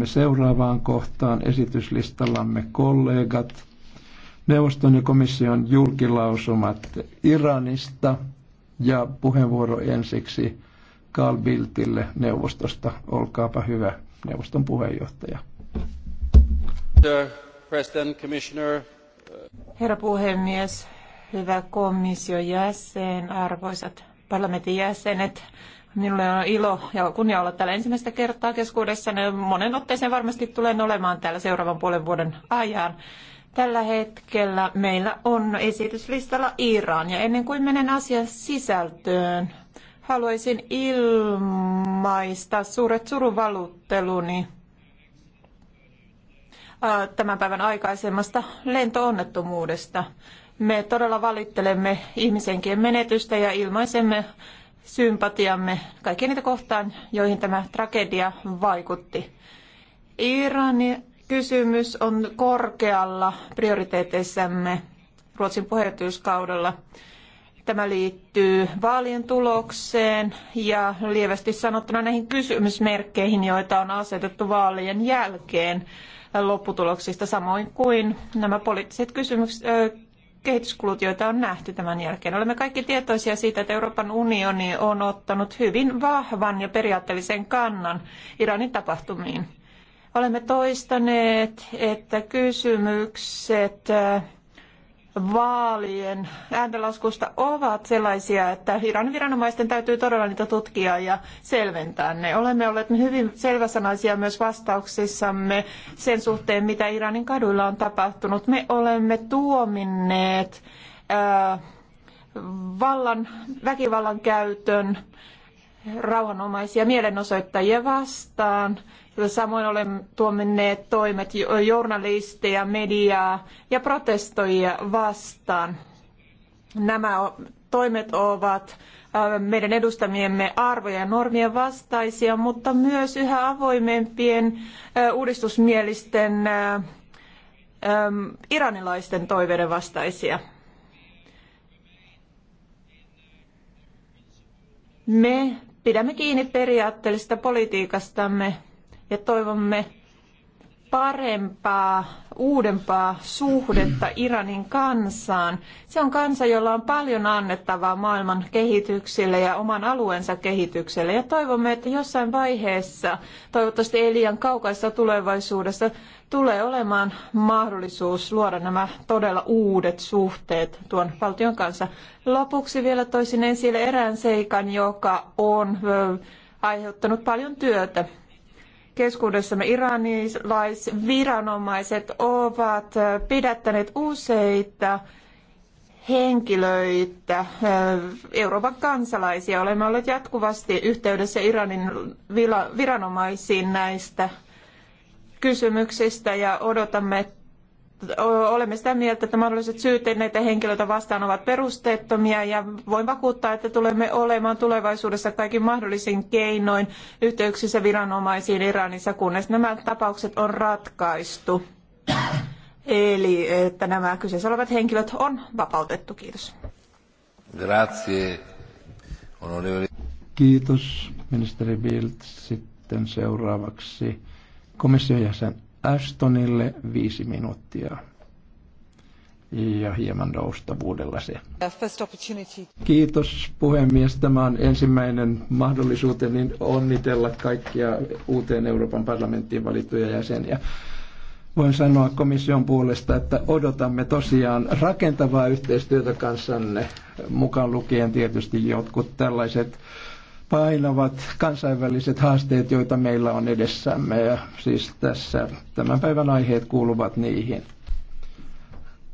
Siirrymme seuraavaan kohtaan esityslistallamme kollegat. Neuvoston ja komission julkilausumat Iranista ja puheenvuoro ensiksi Carl Biltille neuvostosta. Olkaapa hyvä, neuvoston puheenjohtaja. Uh, Herra puhemies, hyvä komission jäsen, arvoisat parlamentin jäsenet. Minulle on ilo ja kunnia olla täällä ensimmäistä kertaa keskuudessa. Monen otteeseen varmasti tulen olemaan täällä seuraavan puolen vuoden ajan. Tällä hetkellä meillä on esityslistalla Iran ja ennen kuin menen asian sisältöön, haluaisin ilmaista suuret surunvalutteluni tämän päivän aikaisemmasta lentoonnettomuudesta. Me todella valittelemme ihmisenkin menetystä ja ilmaisemme sympatiamme kaikkia niitä kohtaan, joihin tämä tragedia vaikutti. Iranin kysymys on korkealla prioriteeteissamme Ruotsin puheenjohtajuuskaudella. Tämä liittyy vaalien tulokseen ja lievästi sanottuna näihin kysymysmerkkeihin, joita on asetettu vaalien jälkeen lopputuloksista, samoin kuin nämä poliittiset kysymykset, kehityskulut, joita on nähty tämän jälkeen. Olemme kaikki tietoisia siitä, että Euroopan unioni on ottanut hyvin vahvan ja periaatteellisen kannan Iranin tapahtumiin. Olemme toistaneet, että kysymykset vaalien ääntenlaskusta ovat sellaisia, että Iranin viranomaisten täytyy todella niitä tutkia ja selventää ne. Olemme olleet hyvin selväsanaisia myös vastauksissamme sen suhteen, mitä Iranin kaduilla on tapahtunut. Me olemme tuominneet ää, äh, vallan, väkivallan käytön rauhanomaisia mielenosoittajia vastaan – Samoin olemme tuominneet toimet journalisteja, mediaa ja protestoijia vastaan. Nämä toimet ovat äh, meidän edustamiemme arvojen ja normien vastaisia, mutta myös yhä avoimempien äh, uudistusmielisten äh, ähm, iranilaisten toiveiden vastaisia. Me pidämme kiinni periaatteellisesta politiikastamme ja toivomme parempaa, uudempaa suhdetta Iranin kansaan. Se on kansa, jolla on paljon annettavaa maailman kehitykselle ja oman alueensa kehitykselle. Ja toivomme, että jossain vaiheessa, toivottavasti ei liian kaukaisessa tulevaisuudessa, tulee olemaan mahdollisuus luoda nämä todella uudet suhteet tuon valtion kanssa. Lopuksi vielä toisin esille erään seikan, joka on aiheuttanut paljon työtä keskuudessamme iranilaisviranomaiset ovat pidättäneet useita henkilöitä, eh, Euroopan kansalaisia. Olemme olleet jatkuvasti yhteydessä Iranin viranomaisiin näistä kysymyksistä ja odotamme olemme sitä mieltä, että mahdolliset syytteet näitä henkilöitä vastaan ovat perusteettomia ja voin vakuuttaa, että tulemme olemaan tulevaisuudessa kaikin mahdollisin keinoin yhteyksissä viranomaisiin Iranissa, kunnes nämä tapaukset on ratkaistu. Eli että nämä kyseessä olevat henkilöt on vapautettu. Kiitos. Grazie. Onorevoli. Kiitos, ministeri Bild. Sitten seuraavaksi komission jäsen Ashtonille viisi minuuttia ja hieman joustavuudella se. Kiitos puhemies. Tämä on ensimmäinen mahdollisuuteni onnitella kaikkia uuteen Euroopan parlamenttiin valittuja jäseniä. Voin sanoa komission puolesta, että odotamme tosiaan rakentavaa yhteistyötä kanssanne, mukaan lukien tietysti jotkut tällaiset painavat kansainväliset haasteet, joita meillä on edessämme. Ja siis tässä tämän päivän aiheet kuuluvat niihin.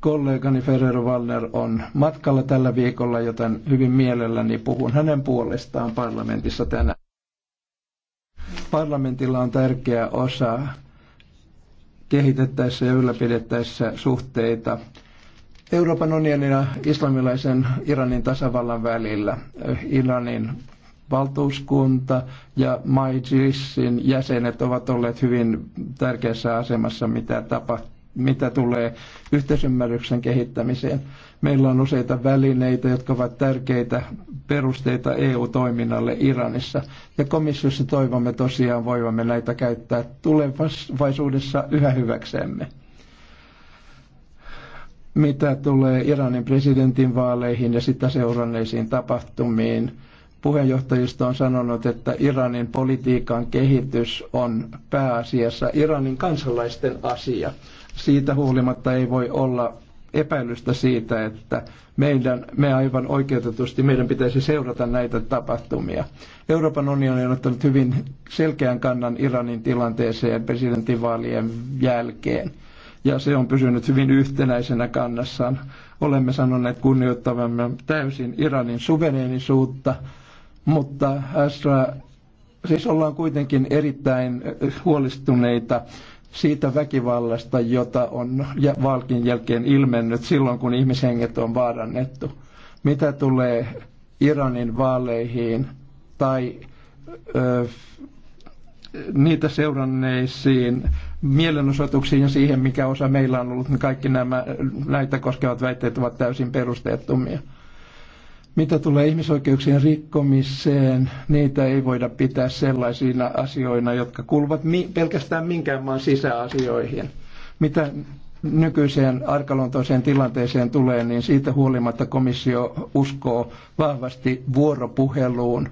Kollegani Ferrero Wallner on matkalla tällä viikolla, joten hyvin mielelläni puhun hänen puolestaan parlamentissa tänään. Parlamentilla on tärkeä osa kehitettäessä ja ylläpidettäessä suhteita Euroopan unionin ja islamilaisen Iranin tasavallan välillä. Eh, Iranin valtuuskunta ja Majlissin jäsenet ovat olleet hyvin tärkeässä asemassa, mitä tapa, mitä tulee yhteisymmärryksen kehittämiseen. Meillä on useita välineitä, jotka ovat tärkeitä perusteita EU-toiminnalle Iranissa. Ja komissiossa toivomme tosiaan voivamme näitä käyttää tulevaisuudessa yhä hyväksemme. Mitä tulee Iranin presidentin vaaleihin ja sitä seuranneisiin tapahtumiin, puheenjohtajista on sanonut, että Iranin politiikan kehitys on pääasiassa Iranin kansalaisten asia. Siitä huolimatta ei voi olla epäilystä siitä, että meidän, me aivan oikeutetusti meidän pitäisi seurata näitä tapahtumia. Euroopan unioni on ottanut hyvin selkeän kannan Iranin tilanteeseen presidentinvaalien jälkeen. Ja se on pysynyt hyvin yhtenäisenä kannassaan. Olemme sanoneet kunnioittavamme täysin Iranin suvereenisuutta mutta Astra, siis ollaan kuitenkin erittäin eh, huolestuneita siitä väkivallasta, jota on valkin jälkeen ilmennyt silloin, kun ihmishenget on vaarannettu. Mitä tulee Iranin vaaleihin tai ö, eh, niitä seuranneisiin mielenosoituksiin ja siihen, mikä osa meillä on ollut, niin kaikki nämä, eh, näitä koskevat väitteet ovat täysin perusteettomia. Mitä tulee ihmisoikeuksien rikkomiseen, niitä ei voida pitää sellaisina asioina, jotka kuuluvat mi- pelkästään minkään maan sisäasioihin. Mitä nykyiseen arkaluontoiseen tilanteeseen tulee, niin siitä huolimatta komissio uskoo vahvasti vuoropuheluun.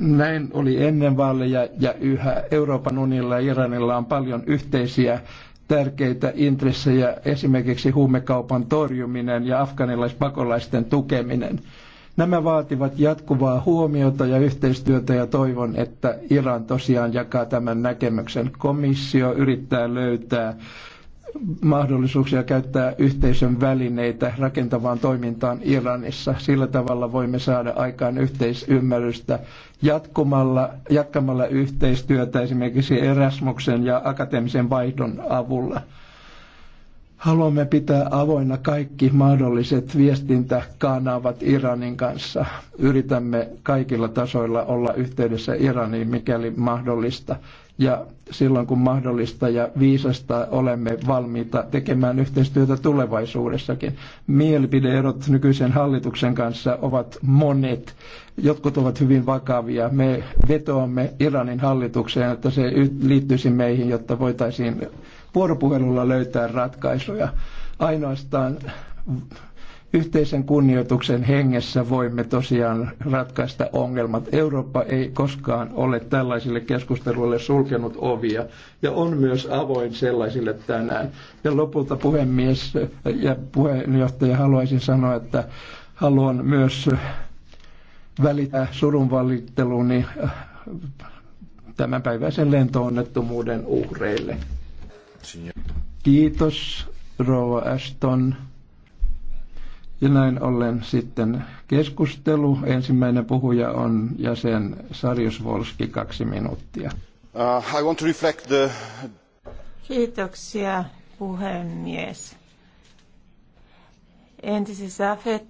Näin oli ennen vaaleja ja yhä Euroopan unionilla ja Iranilla on paljon yhteisiä tärkeitä intressejä, esimerkiksi huumekaupan torjuminen ja afganilaispakolaisten tukeminen. Nämä vaativat jatkuvaa huomiota ja yhteistyötä ja toivon, että Iran tosiaan jakaa tämän näkemyksen. Komissio yrittää löytää mahdollisuuksia käyttää yhteisön välineitä rakentavaan toimintaan Iranissa. Sillä tavalla voimme saada aikaan yhteisymmärrystä jatkumalla, jatkamalla yhteistyötä esimerkiksi Erasmuksen ja akateemisen vaihdon avulla. Haluamme pitää avoinna kaikki mahdolliset viestintäkanavat Iranin kanssa. Yritämme kaikilla tasoilla olla yhteydessä Iraniin, mikäli mahdollista ja silloin kun mahdollista ja viisasta olemme valmiita tekemään yhteistyötä tulevaisuudessakin. Mielipideerot nykyisen hallituksen kanssa ovat monet. Jotkut ovat hyvin vakavia. Me vetoamme Iranin hallitukseen, että se liittyisi meihin, jotta voitaisiin vuoropuhelulla löytää ratkaisuja. Ainoastaan Yhteisen kunnioituksen hengessä voimme tosiaan ratkaista ongelmat. Eurooppa ei koskaan ole tällaisille keskusteluille sulkenut ovia ja on myös avoin sellaisille tänään. Ja lopulta puhemies ja puheenjohtaja haluaisin sanoa, että haluan myös välittää surunvalitteluni valitteluni tämänpäiväisen lentoonnettomuuden uhreille. Kiitos, Rova Ashton. Ja näin ollen sitten keskustelu. Ensimmäinen puhuja on jäsen Sarjus Volski, kaksi minuuttia. Uh, I want to reflect the... Kiitoksia, puhemies. Entisessä FET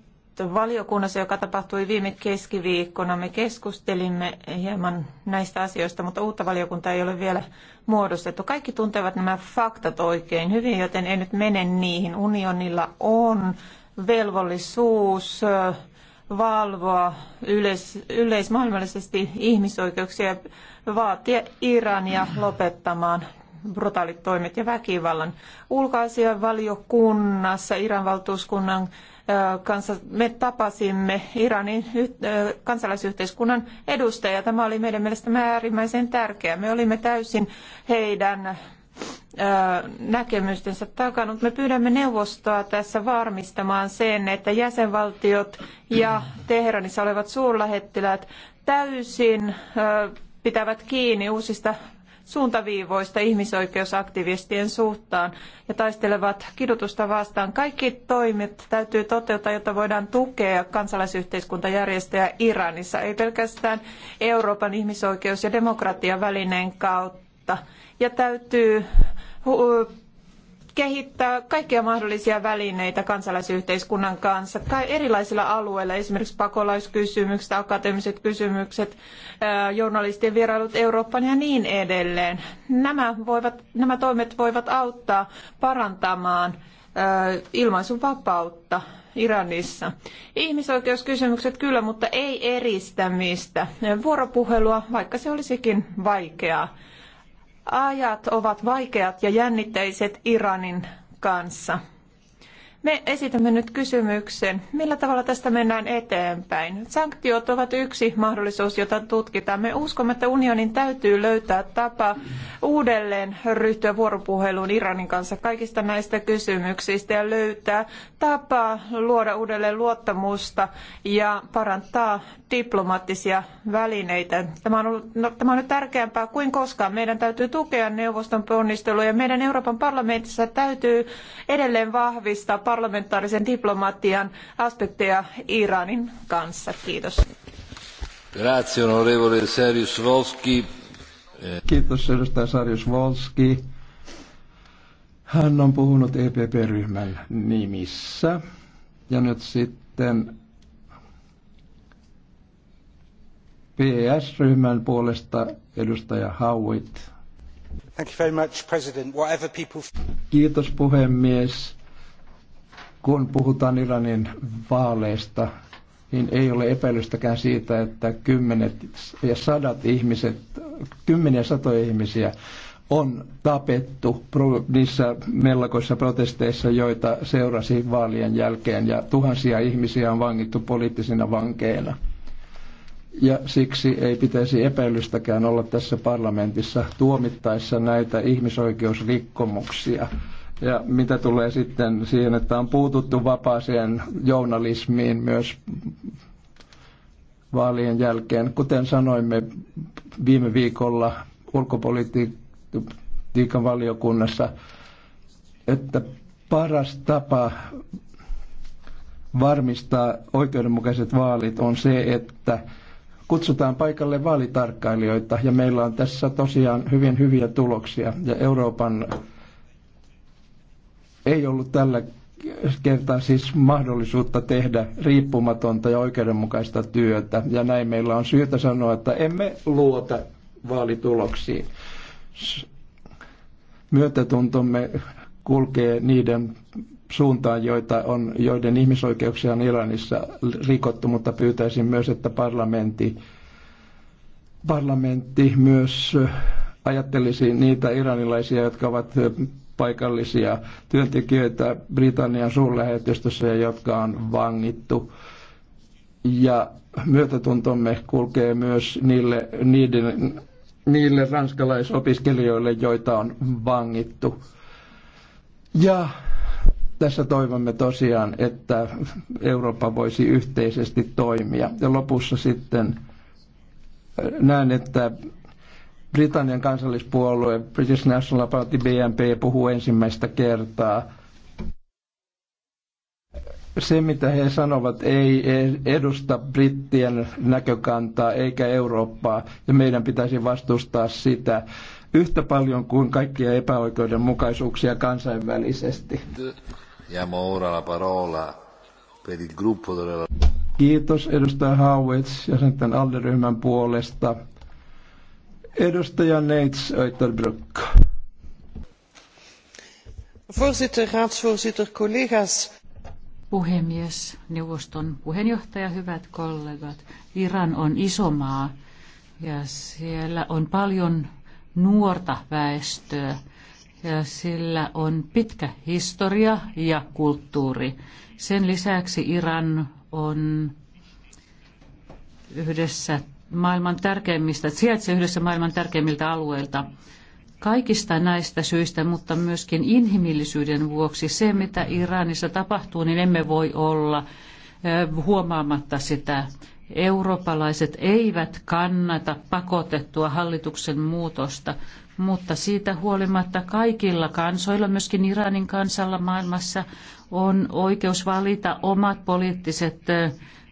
valiokunnassa, joka tapahtui viime keskiviikkona, me keskustelimme hieman näistä asioista, mutta uutta valiokuntaa ei ole vielä muodostettu. Kaikki tuntevat nämä faktat oikein hyvin, joten en nyt mene niihin. Unionilla on velvollisuus valvoa yleis, yleismaailmallisesti ihmisoikeuksia ja vaatia Irania lopettamaan brutaalit toimet ja väkivallan. Ulkoasianvaliokunnassa Iran valtuuskunnan kanssa me tapasimme Iranin kansalaisyhteiskunnan edustajia. Tämä oli meidän mielestämme äärimmäisen tärkeää. Me olimme täysin heidän näkemystensä takana, mutta me pyydämme neuvostoa tässä varmistamaan sen, että jäsenvaltiot ja Teheranissa olevat suurlähettiläät täysin pitävät kiinni uusista suuntaviivoista ihmisoikeusaktivistien suhtaan ja taistelevat kidutusta vastaan. Kaikki toimet täytyy toteuttaa, jotta voidaan tukea kansalaisyhteiskuntajärjestöjä Iranissa, ei pelkästään Euroopan ihmisoikeus- ja demokratiavälineen kautta. Ja täytyy kehittää kaikkia mahdollisia välineitä kansalaisyhteiskunnan kanssa erilaisilla alueilla, esimerkiksi pakolaiskysymykset, akateemiset kysymykset, journalistien vierailut Eurooppaan ja niin edelleen. Nämä, voivat, nämä toimet voivat auttaa parantamaan ilmaisuvapautta Iranissa. Ihmisoikeuskysymykset kyllä, mutta ei eristämistä. Vuoropuhelua, vaikka se olisikin vaikeaa. Ajat ovat vaikeat ja jännitteiset Iranin kanssa. Me esitämme nyt kysymyksen, millä tavalla tästä mennään eteenpäin. Sanktiot ovat yksi mahdollisuus, jota tutkitaan. Me uskomme, että unionin täytyy löytää tapa uudelleen ryhtyä vuoropuheluun Iranin kanssa kaikista näistä kysymyksistä ja löytää tapa luoda uudelleen luottamusta ja parantaa diplomaattisia välineitä. Tämä on, ollut, no, tämä on nyt tärkeämpää kuin koskaan. Meidän täytyy tukea neuvoston ponnisteluja. Meidän Euroopan parlamentissa täytyy edelleen vahvistaa parlamentaarisen diplomatian aspekteja Iranin kanssa. Kiitos. Grazie, onorevole Sarius Volski. Kiitos, edustaja Sarius Volski. Hän on puhunut EPP-ryhmän nimissä. Ja nyt sitten PS-ryhmän puolesta edustaja Howitt. Thank you very much, President. Whatever people... Kiitos puhemies kun puhutaan Iranin vaaleista, niin ei ole epäilystäkään siitä, että kymmenet ja sadat ihmiset, kymmeniä satoja ihmisiä on tapettu niissä mellakoissa protesteissa, joita seurasi vaalien jälkeen, ja tuhansia ihmisiä on vangittu poliittisina vankeina. Ja siksi ei pitäisi epäilystäkään olla tässä parlamentissa tuomittaessa näitä ihmisoikeusrikkomuksia. Ja mitä tulee sitten siihen, että on puututtu vapaaseen journalismiin myös vaalien jälkeen. Kuten sanoimme viime viikolla ulkopolitiikan valiokunnassa, että paras tapa varmistaa oikeudenmukaiset vaalit on se, että kutsutaan paikalle vaalitarkkailijoita ja meillä on tässä tosiaan hyvin hyviä tuloksia ja Euroopan ei ollut tällä kertaa siis mahdollisuutta tehdä riippumatonta ja oikeudenmukaista työtä. Ja näin meillä on syytä sanoa, että emme luota vaalituloksiin. Myötätuntomme kulkee niiden suuntaan, joita on, joiden ihmisoikeuksia on Iranissa rikottu, mutta pyytäisin myös, että parlamentti, parlamentti myös ajattelisi niitä iranilaisia, jotka ovat paikallisia työntekijöitä Britannian suurlähetystössä, jotka on vangittu. Ja myötätuntomme kulkee myös niille, niiden, niille ranskalaisopiskelijoille, joita on vangittu. Ja tässä toivomme tosiaan, että Eurooppa voisi yhteisesti toimia. Ja lopussa sitten äh, näen, että Britannian kansallispuolue British National Party BNP puhuu ensimmäistä kertaa. Se, mitä he sanovat, ei edusta brittien näkökantaa eikä Eurooppaa, ja meidän pitäisi vastustaa sitä yhtä paljon kuin kaikkia epäoikeudenmukaisuuksia kansainvälisesti. ora la parola per il gruppo Kiitos edustaja Howitz ja sitten Alderyhmän puolesta. Edustaja Neits Öiterbrück. Voorzitter, raadsvoorzitter, collega's. Puhemies, neuvoston puheenjohtaja, hyvät kollegat. Iran on iso maa ja siellä on paljon nuorta väestöä ja sillä on pitkä historia ja kulttuuri. Sen lisäksi Iran on yhdessä maailman tärkeimmistä, sijaitsee yhdessä maailman tärkeimmiltä alueilta. Kaikista näistä syistä, mutta myöskin inhimillisyyden vuoksi, se mitä Iranissa tapahtuu, niin emme voi olla huomaamatta sitä. Eurooppalaiset eivät kannata pakotettua hallituksen muutosta, mutta siitä huolimatta kaikilla kansoilla, myöskin Iranin kansalla maailmassa, on oikeus valita omat poliittiset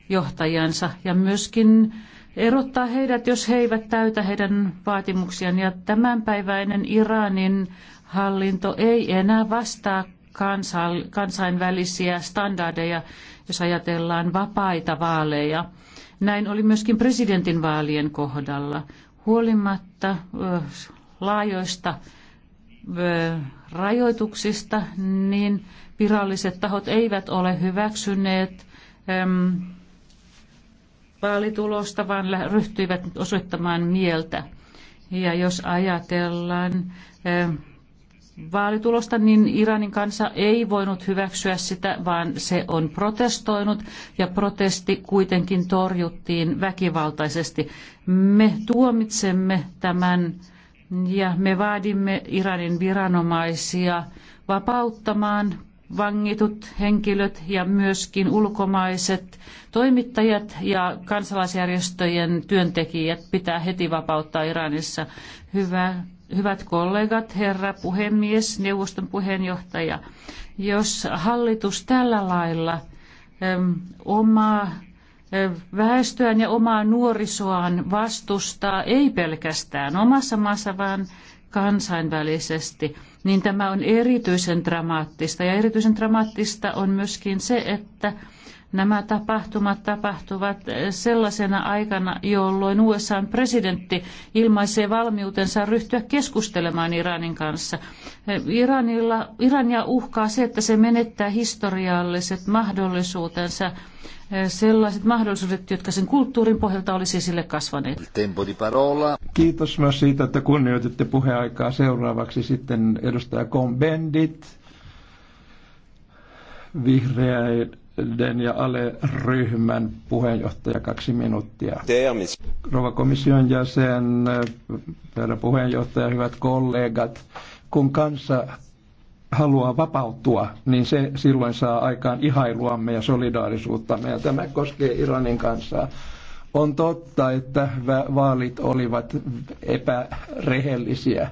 johtajansa ja myöskin erottaa heidät, jos he eivät täytä heidän vaatimuksiaan. Ja tämänpäiväinen Iranin hallinto ei enää vastaa kansainvälisiä standardeja, jos ajatellaan vapaita vaaleja. Näin oli myöskin presidentinvaalien kohdalla. Huolimatta laajoista rajoituksista, niin viralliset tahot eivät ole hyväksyneet vaalitulosta, vaan ryhtyivät osoittamaan mieltä. Ja jos ajatellaan vaalitulosta, niin Iranin kansa ei voinut hyväksyä sitä, vaan se on protestoinut ja protesti kuitenkin torjuttiin väkivaltaisesti. Me tuomitsemme tämän ja me vaadimme Iranin viranomaisia vapauttamaan vangitut henkilöt ja myöskin ulkomaiset toimittajat ja kansalaisjärjestöjen työntekijät pitää heti vapauttaa Iranissa. Hyvä, hyvät kollegat, herra puhemies, neuvoston puheenjohtaja, jos hallitus tällä lailla omaa väestöään ja omaa nuorisoaan vastustaa, ei pelkästään omassa maassa, vaan kansainvälisesti, niin tämä on erityisen dramaattista. Ja erityisen dramaattista on myöskin se, että Nämä tapahtumat tapahtuvat sellaisena aikana, jolloin USA presidentti ilmaisee valmiutensa ryhtyä keskustelemaan Iranin kanssa. Iranilla, Irania uhkaa se, että se menettää historialliset mahdollisuutensa, sellaiset mahdollisuudet, jotka sen kulttuurin pohjalta olisi sille kasvaneet. Kiitos myös siitä, että kunnioititte puheaikaa. Seuraavaksi sitten edustaja Kombendit, vihreä Den ja alle ryhmän puheenjohtaja kaksi minuuttia. Termis. Rova komission jäsen, herra puheenjohtaja, hyvät kollegat. Kun kansa haluaa vapautua, niin se silloin saa aikaan ihailuamme ja solidaarisuuttamme. Ja tämä koskee Iranin kansaa. On totta, että vaalit olivat epärehellisiä.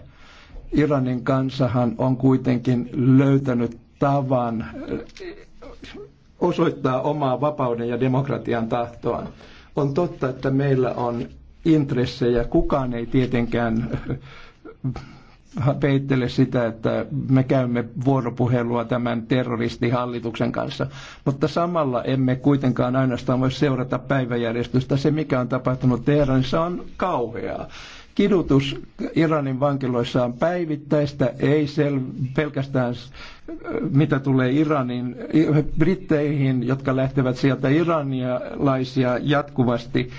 Iranin kansahan on kuitenkin löytänyt tavan osoittaa omaa vapauden ja demokratian tahtoaan. On totta, että meillä on intressejä. Kukaan ei tietenkään peittele sitä, että me käymme vuoropuhelua tämän terroristihallituksen kanssa. Mutta samalla emme kuitenkaan ainoastaan voi seurata päiväjärjestystä. Se, mikä on tapahtunut Teheranissa, on kauheaa. Kidutus Iranin vankiloissa on päivittäistä, ei sel- pelkästään mitä tulee Iranin, britteihin, jotka lähtevät sieltä iranialaisia jatkuvasti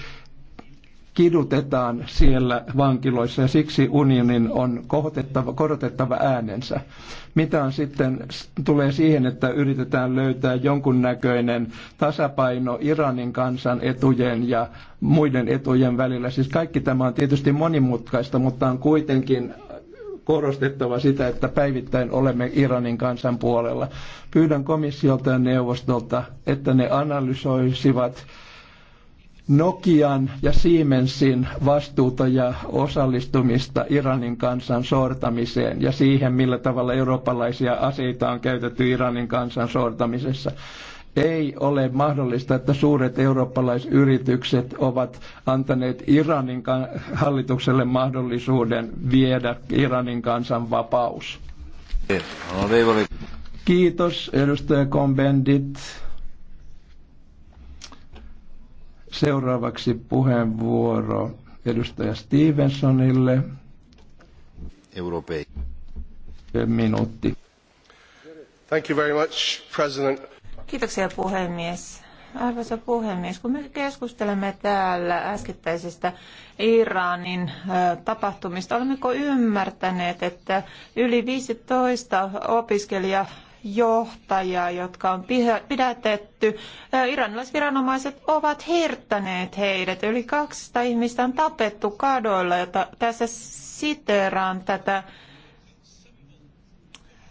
kidutetaan siellä vankiloissa ja siksi unionin on kohotettava, korotettava äänensä. Mitä on sitten tulee siihen, että yritetään löytää jonkunnäköinen tasapaino Iranin kansan etujen ja muiden etujen välillä. Siis kaikki tämä on tietysti monimutkaista, mutta on kuitenkin korostettava sitä, että päivittäin olemme Iranin kansan puolella. Pyydän komissiolta ja neuvostolta, että ne analysoisivat Nokian ja Siemensin vastuuta ja osallistumista Iranin kansan sortamiseen ja siihen, millä tavalla eurooppalaisia aseita on käytetty Iranin kansan sortamisessa. Ei ole mahdollista, että suuret eurooppalaisyritykset ovat antaneet Iranin hallitukselle mahdollisuuden viedä Iranin kansan vapaus. Kiitos, edustaja Kombendit. Seuraavaksi puheenvuoro edustaja Stevensonille. Europei. Minuutti. Thank you very much, President. Kiitoksia puhemies. Arvoisa puhemies, kun me keskustelemme täällä äskettäisistä Iranin tapahtumista, olemmeko ymmärtäneet, että yli 15 opiskelijajohtajaa, jotka on pidätetty, iranilaisviranomaiset ovat hirttäneet heidät. Yli 200 ihmistä on tapettu kadoilla, jota tässä siteraan tätä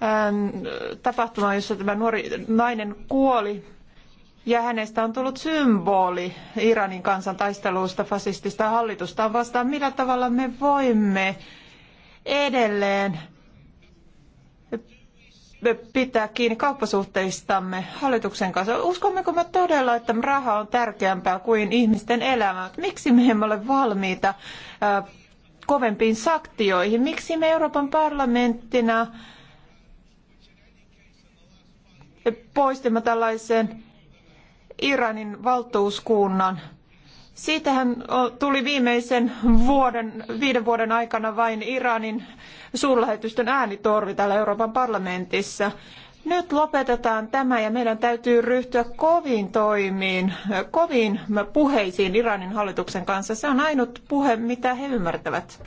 Ähm, tapahtuma, jossa tämä nuori nainen kuoli ja hänestä on tullut symboli Iranin kansan taistelusta fasistista hallitusta vastaan. Millä tavalla me voimme edelleen pitää kiinni kauppasuhteistamme hallituksen kanssa. Uskommeko me todella, että raha on tärkeämpää kuin ihmisten elämä? Miksi me emme ole valmiita äh, kovempiin sanktioihin? Miksi me Euroopan parlamenttina poistimme tällaisen Iranin valtuuskunnan. Siitähän tuli viimeisen vuoden, viiden vuoden aikana vain Iranin suurlähetystön äänitorvi täällä Euroopan parlamentissa. Nyt lopetetaan tämä ja meidän täytyy ryhtyä koviin toimiin, koviin puheisiin Iranin hallituksen kanssa. Se on ainut puhe, mitä he ymmärtävät.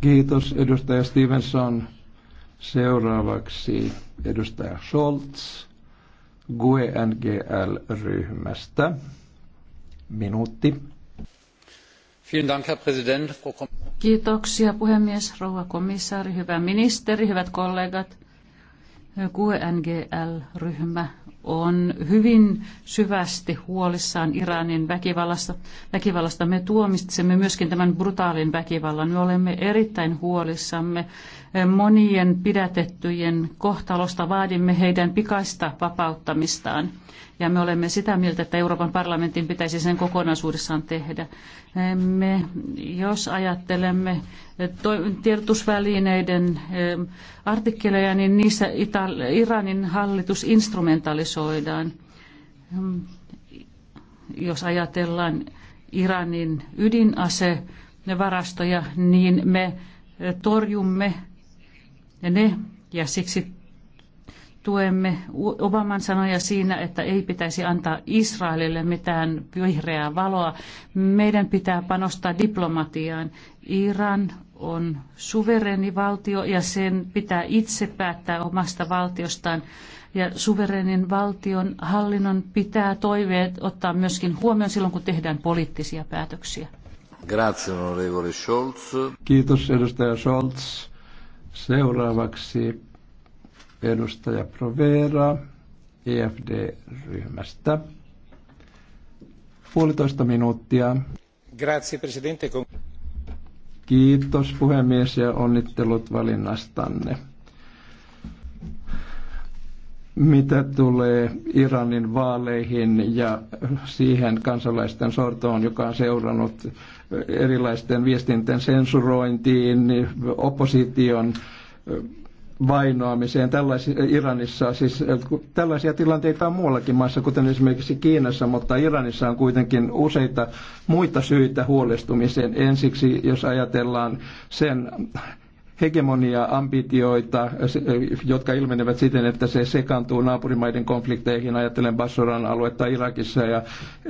Kiitos edustaja Stevenson. Seuraavaksi edustaja Scholz GNGL ryhmästä Minuutti. Kiitoksia puhemies, rouva komissaari, hyvä ministeri, hyvät kollegat. QNGL-ryhmä on hyvin syvästi huolissaan Iranin väkivallasta. väkivallasta. Me tuomitsemme myöskin tämän brutaalin väkivallan. Me olemme erittäin huolissamme monien pidätettyjen kohtalosta vaadimme heidän pikaista vapauttamistaan. Ja me olemme sitä mieltä, että Euroopan parlamentin pitäisi sen kokonaisuudessaan tehdä. Me, jos ajattelemme tiedotusvälineiden eh, artikkeleja, niin niissä Iranin hallitus instrumentalisoidaan. Jos ajatellaan Iranin ydinase varastoja, niin me torjumme ne, ja siksi tuemme Obaman sanoja siinä, että ei pitäisi antaa Israelille mitään vihreää valoa. Meidän pitää panostaa diplomatiaan. Iran on suvereni valtio ja sen pitää itse päättää omasta valtiostaan. Ja suverenin valtion hallinnon pitää toiveet ottaa myöskin huomioon silloin, kun tehdään poliittisia päätöksiä. Grazie, Scholz. Kiitos, edustaja Scholz. Seuraavaksi edustaja Provera EFD-ryhmästä. Puolitoista minuuttia. Grazie, presidente. Kiitos puhemies ja onnittelut valinnastanne. Mitä tulee Iranin vaaleihin ja siihen kansalaisten sortoon, joka on seurannut erilaisten viestinten sensurointiin, niin opposition vainoamiseen tällaisia, Iranissa. Siis, tällaisia tilanteita on muuallakin maassa, kuten esimerkiksi Kiinassa, mutta Iranissa on kuitenkin useita muita syitä huolestumiseen. Ensiksi, jos ajatellaan sen hegemonia-ambitioita, jotka ilmenevät siten, että se sekaantuu naapurimaiden konflikteihin, ajattelen Bassoran aluetta Irakissa ja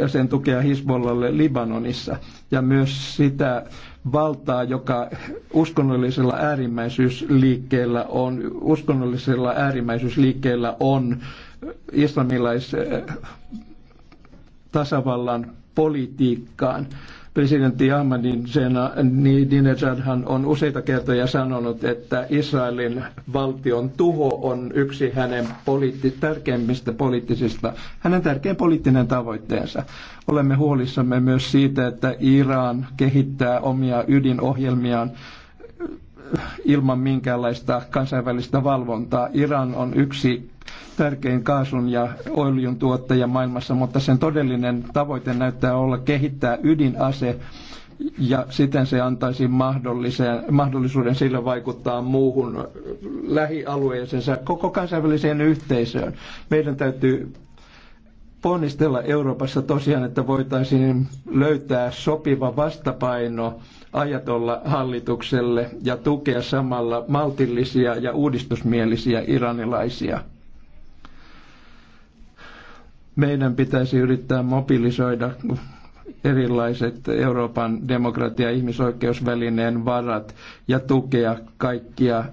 sen tukea Hisbollalle Libanonissa. Ja myös sitä valtaa, joka uskonnollisella äärimmäisyysliikkeellä on, uskonnollisella äärimmäisyysliikkeellä on islamilais tasavallan politiikkaan. Presidentti Ahmadin Dinejadhan on useita kertoja sanonut, että Israelin valtion tuho on yksi hänen poliitti, tärkeimmistä poliittisista, hänen tärkein poliittinen tavoitteensa. Olemme huolissamme myös siitä, että Iran kehittää omia ydinohjelmiaan ilman minkäänlaista kansainvälistä valvontaa. Iran on yksi tärkein kaasun ja öljyn tuottaja maailmassa, mutta sen todellinen tavoite näyttää olla kehittää ydinase ja siten se antaisi mahdollisuuden sillä vaikuttaa muuhun lähialueeseensa, koko kansainväliseen yhteisöön. Meidän täytyy ponnistella Euroopassa tosiaan, että voitaisiin löytää sopiva vastapaino ajatolla hallitukselle ja tukea samalla maltillisia ja uudistusmielisiä iranilaisia. Meidän pitäisi yrittää mobilisoida erilaiset Euroopan demokratia- ja ihmisoikeusvälineen varat ja tukea kaikkia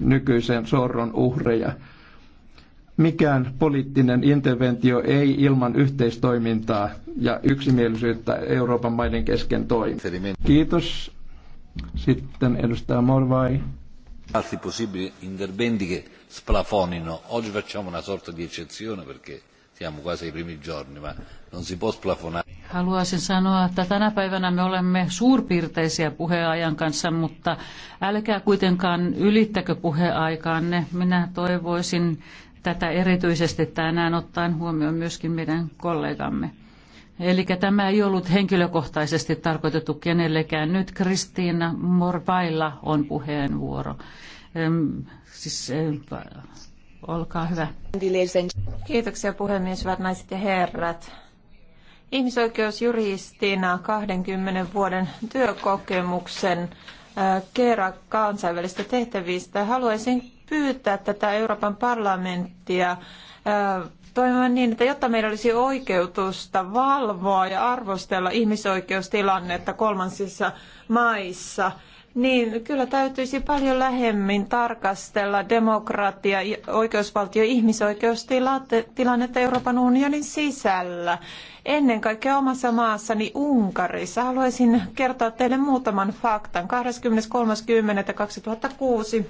nykyisen sorron uhreja. Mikään poliittinen interventio ei ilman yhteistoimintaa ja yksimielisyyttä Euroopan maiden kesken toimi. Kiitos. Sitten edustaja Morvai. Altri possibili interventi che splafonino. Oggi facciamo una sorta di eccezione perché siamo quasi ai primi giorni, ma non si può splafonare. Haluaisin sanoa, että tänä päivänä me olemme suurpiirteisiä puheajan kanssa, mutta älkää kuitenkaan ylittäkö puheaikaanne. Minä toivoisin tätä erityisesti tänään ottaen huomioon myöskin meidän kollegamme. Eli tämä ei ollut henkilökohtaisesti tarkoitettu kenellekään. Nyt Kristiina Morvailla on puheenvuoro. Siis, Olkaa hyvä. Kiitoksia puhemies, hyvät naiset ja herrat. Ihmisoikeusjuristina 20 vuoden työkokemuksen kerran kansainvälistä tehtävistä haluaisin pyytää tätä Euroopan parlamenttia toimimaan niin, että jotta meillä olisi oikeutusta valvoa ja arvostella ihmisoikeustilannetta kolmansissa maissa, niin kyllä täytyisi paljon lähemmin tarkastella demokratia, oikeusvaltio, ihmisoikeustilannetta Euroopan unionin sisällä. Ennen kaikkea omassa maassani Unkarissa haluaisin kertoa teille muutaman faktan. 23.10.2006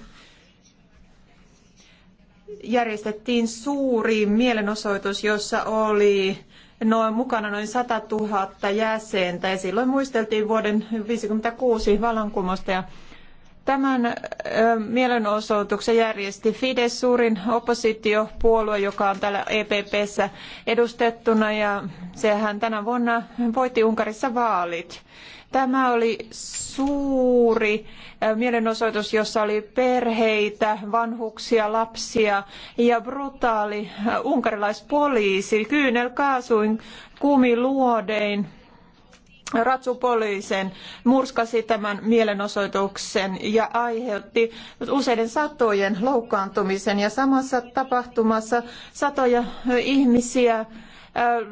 järjestettiin suuri mielenosoitus, jossa oli noin, mukana noin 100 000 jäsentä ja silloin muisteltiin vuoden 1956 vallankumousta ja Tämän mielenosoituksen järjesti Fides, suurin oppositiopuolue, joka on täällä EPPssä edustettuna ja sehän tänä vuonna voitti Unkarissa vaalit. Tämä oli suuri äh, mielenosoitus, jossa oli perheitä, vanhuksia, lapsia ja brutaali äh, unkarilaispoliisi kyynelkaasuin kumiluodein ratsupoliisen murskasi tämän mielenosoituksen ja aiheutti useiden satojen loukkaantumisen. Ja samassa tapahtumassa satoja äh, ihmisiä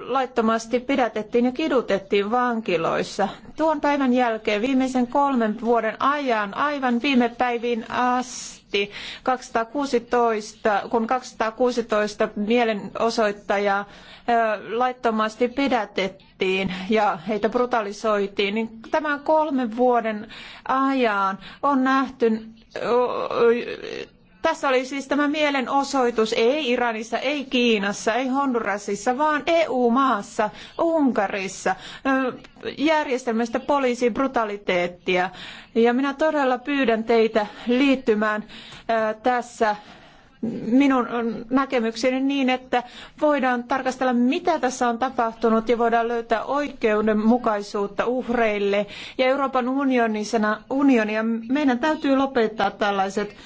laittomasti pidätettiin ja kidutettiin vankiloissa. Tuon päivän jälkeen viimeisen kolmen vuoden ajan, aivan viime päiviin asti, 216, kun 216 mielenosoittajaa laittomasti pidätettiin ja heitä brutalisoitiin, niin tämän kolmen vuoden ajan on nähty tässä oli siis tämä mielenosoitus ei Iranissa, ei Kiinassa, ei Hondurasissa, vaan EU-maassa, Unkarissa. Järjestelmästä poliisin brutaliteettia. Ja minä todella pyydän teitä liittymään tässä minun näkemykseni niin, että voidaan tarkastella, mitä tässä on tapahtunut ja voidaan löytää oikeudenmukaisuutta uhreille. Ja Euroopan unionisena, unionia meidän täytyy lopettaa tällaiset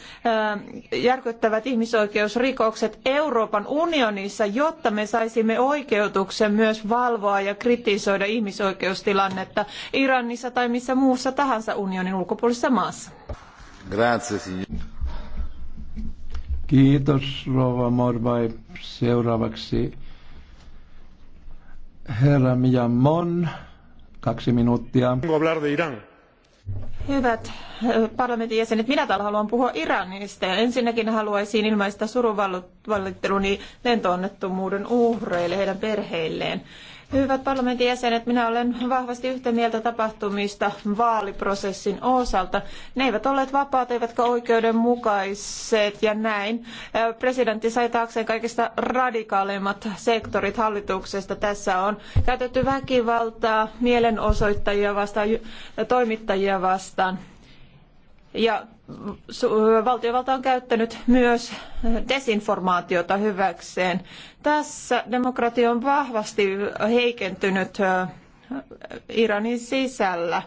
järkyttävät ihmisoikeusrikokset Euroopan unionissa, jotta me saisimme oikeutuksen myös valvoa ja kritisoida ihmisoikeustilannetta Iranissa tai missä muussa tahansa unionin ulkopuolisessa maassa. Grazie, signor. Kiitos, Rova Morvai. Seuraavaksi herra Mon, kaksi minuuttia. Hyvät parlamentin jäsenet, minä täällä haluan puhua Iranista. Ensinnäkin haluaisin ilmaista surunvallitteluni lentoonnettomuuden uhreille, heidän perheilleen. Hyvät parlamentin jäsenet, minä olen vahvasti yhtä mieltä tapahtumista vaaliprosessin osalta. Ne eivät olleet vapaat eivätkä oikeudenmukaiset ja näin. Presidentti sai taakseen kaikista radikaaleimmat sektorit hallituksesta. Tässä on käytetty väkivaltaa mielenosoittajia vastaan, toimittajia vastaan. Ja valtiovalta on käyttänyt myös desinformaatiota hyväkseen. Tässä demokratia on vahvasti heikentynyt Iranin sisällä.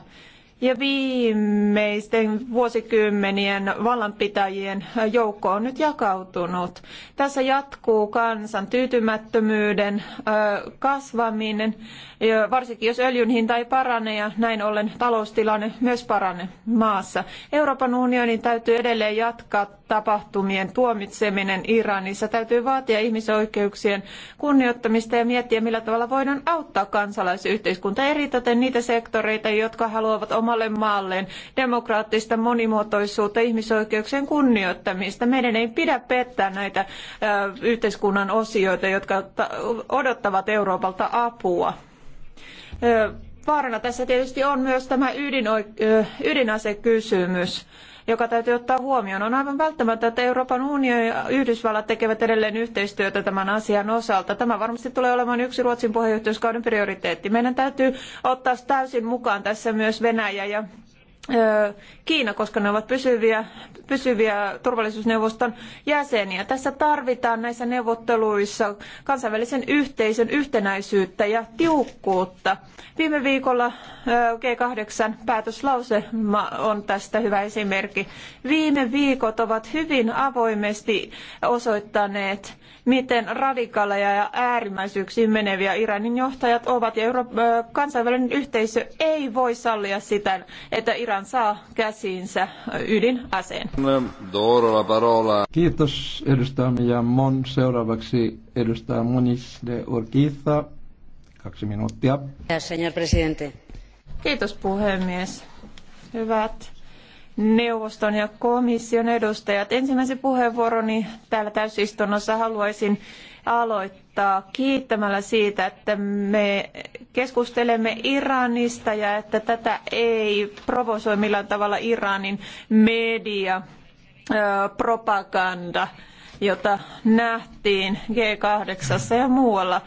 Ja viimeisten vuosikymmenien vallanpitäjien joukko on nyt jakautunut. Tässä jatkuu kansan tyytymättömyyden kasvaminen, varsinkin jos öljyn hinta ei parane ja näin ollen taloustilanne myös parane maassa. Euroopan unionin täytyy edelleen jatkaa tapahtumien tuomitseminen Iranissa. Täytyy vaatia ihmisoikeuksien kunnioittamista ja miettiä, millä tavalla voidaan auttaa kansalaisyhteiskuntaa, eritoten niitä sektoreita, jotka haluavat omaa omalle maalleen demokraattista monimuotoisuutta, ihmisoikeuksien kunnioittamista. Meidän ei pidä pettää näitä yhteiskunnan osioita, jotka odottavat Euroopalta apua. Vaarana tässä tietysti on myös tämä ydinasekysymys joka täytyy ottaa huomioon. On aivan välttämätöntä, että Euroopan unioni ja Yhdysvallat tekevät edelleen yhteistyötä tämän asian osalta. Tämä varmasti tulee olemaan yksi Ruotsin puheenjohtajuuskauden prioriteetti. Meidän täytyy ottaa täysin mukaan tässä myös Venäjä ja Kiina, koska ne ovat pysyviä, pysyviä turvallisuusneuvoston jäseniä. Tässä tarvitaan näissä neuvotteluissa kansainvälisen yhteisön yhtenäisyyttä ja tiukkuutta. Viime viikolla G8 päätöslauselma on tästä hyvä esimerkki. Viime viikot ovat hyvin avoimesti osoittaneet, miten radikaaleja ja äärimmäisyyksiin meneviä Iranin johtajat ovat. Ja Euro- kansainvälinen yhteisö ei voi sallia sitä, että Iran saa käsiinsä ydinaseen. Kiitos edustaja Mon. Seuraavaksi edustaja Moniz de Urquiza. Kaksi minuuttia. Kiitos puhemies. Hyvät neuvoston ja komission edustajat. Ensimmäisen puheenvuoroni täällä täysistunnossa haluaisin aloittaa kiittämällä siitä, että me keskustelemme Iranista ja että tätä ei provosoi millään tavalla Iranin media, propaganda, jota nähtiin G8 ja muualla.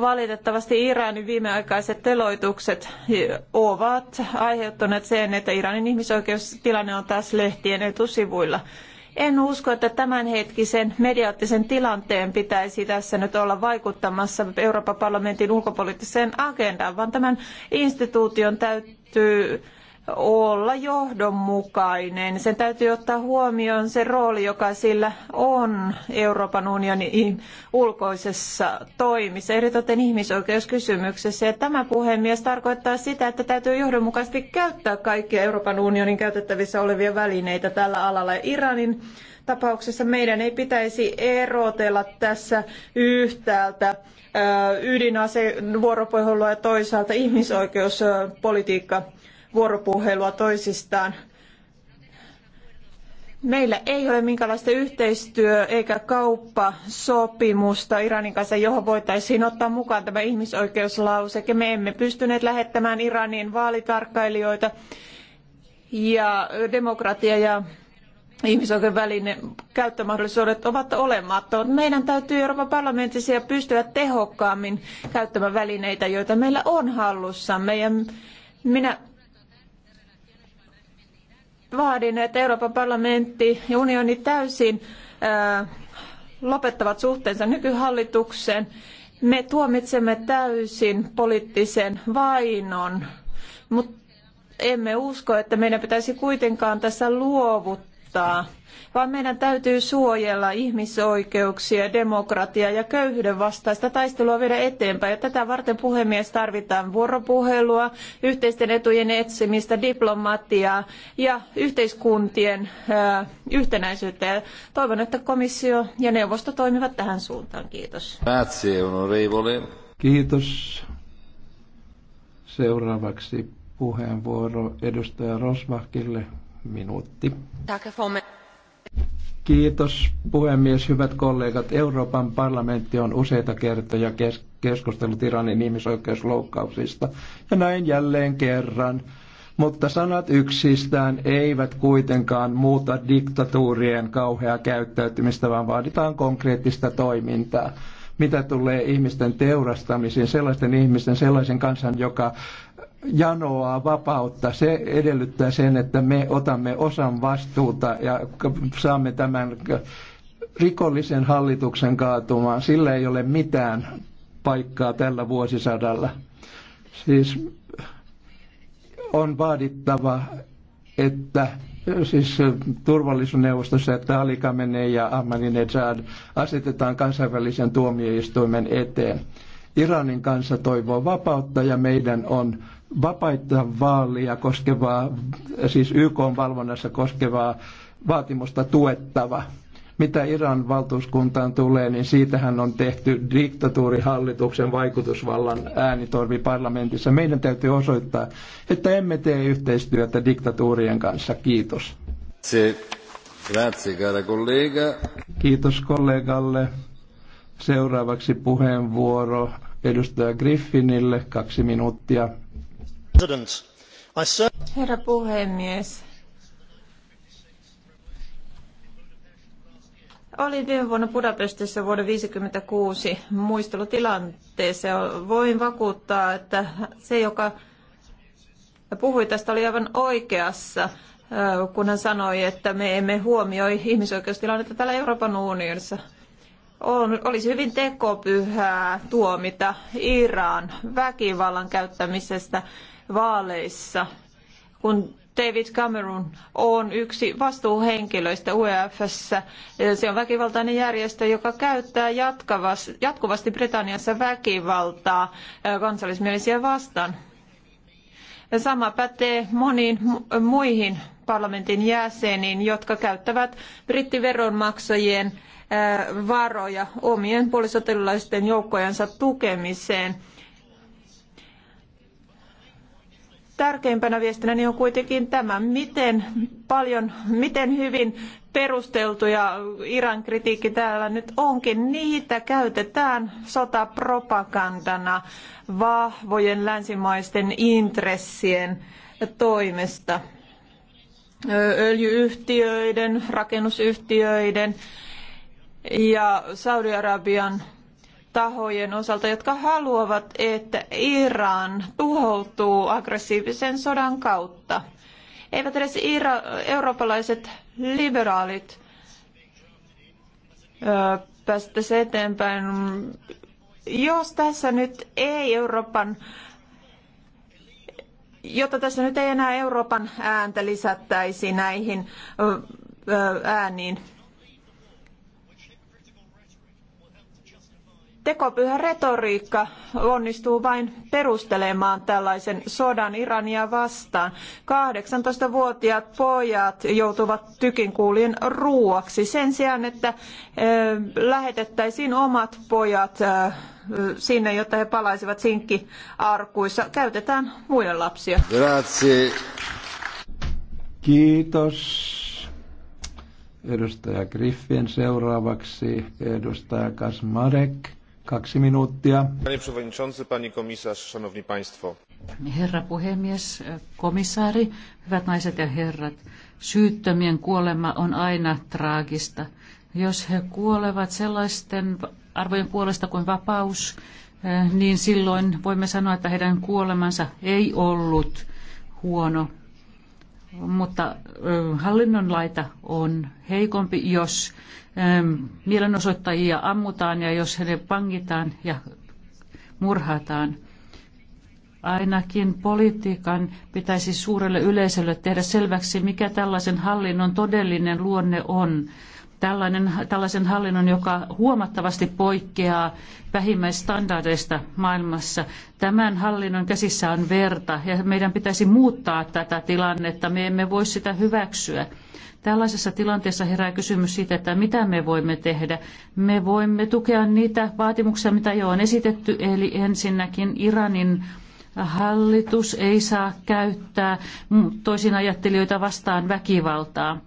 Valitettavasti Iranin viimeaikaiset teloitukset ovat aiheuttaneet sen, että Iranin ihmisoikeustilanne on taas lehtien etusivuilla. En usko, että tämänhetkisen mediaattisen tilanteen pitäisi tässä nyt olla vaikuttamassa Euroopan parlamentin ulkopoliittiseen agendaan, vaan tämän instituution täytyy olla johdonmukainen. Sen täytyy ottaa huomioon se rooli, joka sillä on Euroopan unionin ulkoisessa toimissa, eritoten ihmisoikeuskysymyksessä. Ja tämä puhemies tarkoittaa sitä, että täytyy johdonmukaisesti käyttää kaikkia Euroopan unionin käytettävissä olevia välineitä tällä alalla. Iranin tapauksessa meidän ei pitäisi erotella tässä yhtäältä ydinasevuoropuhelua ja toisaalta ihmisoikeuspolitiikkaa vuoropuhelua toisistaan. Meillä ei ole minkäänlaista yhteistyö- eikä kauppasopimusta Iranin kanssa, johon voitaisiin ottaa mukaan tämä ihmisoikeuslauseke. Me emme pystyneet lähettämään Iraniin vaalitarkkailijoita ja demokratia ja ihmisoikeuden välinen käyttömahdollisuudet ovat olemattomat. Meidän täytyy Euroopan parlamentissa pystyä tehokkaammin käyttämään välineitä, joita meillä on hallussamme. minä vaadin, että Euroopan parlamentti ja unioni täysin lopettavat suhteensa nykyhallitukseen. Me tuomitsemme täysin poliittisen vainon, mutta emme usko, että meidän pitäisi kuitenkaan tässä luovuttaa vaan meidän täytyy suojella ihmisoikeuksia, demokratiaa ja köyhyyden vastaista taistelua viedä eteenpäin. Ja tätä varten puhemies tarvitaan vuoropuhelua, yhteisten etujen etsimistä, diplomatiaa ja yhteiskuntien ää, yhtenäisyyttä. Ja toivon, että komissio ja neuvosto toimivat tähän suuntaan. Kiitos. Grazie, onorevole. Kiitos. Seuraavaksi puheenvuoro edustaja Rosbachille minuutti. Tack, Kiitos puhemies, hyvät kollegat. Euroopan parlamentti on useita kertoja kes- keskustellut Iranin ihmisoikeusloukkauksista ja näin jälleen kerran. Mutta sanat yksistään eivät kuitenkaan muuta diktatuurien kauheaa käyttäytymistä, vaan vaaditaan konkreettista toimintaa mitä tulee ihmisten teurastamisiin, sellaisten ihmisten, sellaisen kansan, joka janoaa vapautta. Se edellyttää sen, että me otamme osan vastuuta ja saamme tämän rikollisen hallituksen kaatumaan. Sillä ei ole mitään paikkaa tällä vuosisadalla. Siis on vaadittava, että siis turvallisuusneuvostossa, että Ali Khamenei ja Ahmadinejad asetetaan kansainvälisen tuomioistuimen eteen. Iranin kanssa toivoo vapautta ja meidän on vapaita vaalia koskevaa, siis YK-valvonnassa koskevaa vaatimusta tuettava. Mitä Iran valtuuskuntaan tulee, niin siitähän on tehty diktatuurihallituksen vaikutusvallan äänitorvi parlamentissa. Meidän täytyy osoittaa, että emme tee yhteistyötä diktatuurien kanssa. Kiitos. Se, grazie, cara collega. Kiitos kollegalle. Seuraavaksi puheenvuoro edustaja Griffinille, kaksi minuuttia. Herra puhemies, Olin viime vuonna Budapestissa vuoden 1956 muistelutilanteessa ja voin vakuuttaa, että se, joka puhui tästä, oli aivan oikeassa, kun hän sanoi, että me emme huomioi ihmisoikeustilannetta täällä Euroopan unionissa. olisi hyvin tekopyhää tuomita Iran väkivallan käyttämisestä vaaleissa, kun David Cameron on yksi vastuuhenkilöistä UEFssä. Se on väkivaltainen järjestö, joka käyttää jatkuvasti Britanniassa väkivaltaa kansallismielisiä vastaan. Sama pätee moniin muihin parlamentin jäseniin, jotka käyttävät brittiveronmaksajien varoja omien puolisotilaisten joukkojensa tukemiseen – tärkeimpänä viestinäni on kuitenkin tämä, miten paljon, miten hyvin perusteltu Iran kritiikki täällä nyt onkin, niitä käytetään sotapropagandana vahvojen länsimaisten intressien toimesta. Öljyyhtiöiden, rakennusyhtiöiden ja Saudi-Arabian tahojen osalta, jotka haluavat, että Iran tuhoutuu aggressiivisen sodan kautta. Eivät edes ira- eurooppalaiset liberaalit ö, päästä tässä eteenpäin. Jos tässä nyt ei Euroopan jotta tässä nyt ei enää Euroopan ääntä lisättäisi näihin ääniin. tekopyhä retoriikka onnistuu vain perustelemaan tällaisen sodan Irania vastaan. 18-vuotiaat pojat joutuvat tykinkuulien ruuaksi sen sijaan, että lähetettäisiin omat pojat sinne, jotta he palaisivat sinkkiarkuissa. Käytetään muiden lapsia. Grazie. Kiitos. Edustaja Griffin seuraavaksi, edustaja Kasmarek. Kaksi minuuttia. Panie przewodniczący, pani komisarz, szanowni państwo. Herra puhemies, komissaari, hyvät naiset ja herrat. Syyttömien kuolema on aina traagista. Jos he kuolevat sellaisten arvojen puolesta kuin vapaus, eh, niin silloin voimme sanoa, että heidän kuolemansa ei ollut huono. Mutta eh, hallinnon laita on heikompi, jos mielenosoittajia ammutaan ja jos heidät pangitaan ja murhataan. Ainakin politiikan pitäisi suurelle yleisölle tehdä selväksi, mikä tällaisen hallinnon todellinen luonne on. Tällainen, tällaisen hallinnon, joka huomattavasti poikkeaa vähimmäistandardeista maailmassa. Tämän hallinnon käsissä on verta ja meidän pitäisi muuttaa tätä tilannetta. Me emme voi sitä hyväksyä. Tällaisessa tilanteessa herää kysymys siitä, että mitä me voimme tehdä. Me voimme tukea niitä vaatimuksia, mitä jo on esitetty, eli ensinnäkin Iranin hallitus ei saa käyttää toisin ajattelijoita vastaan väkivaltaa.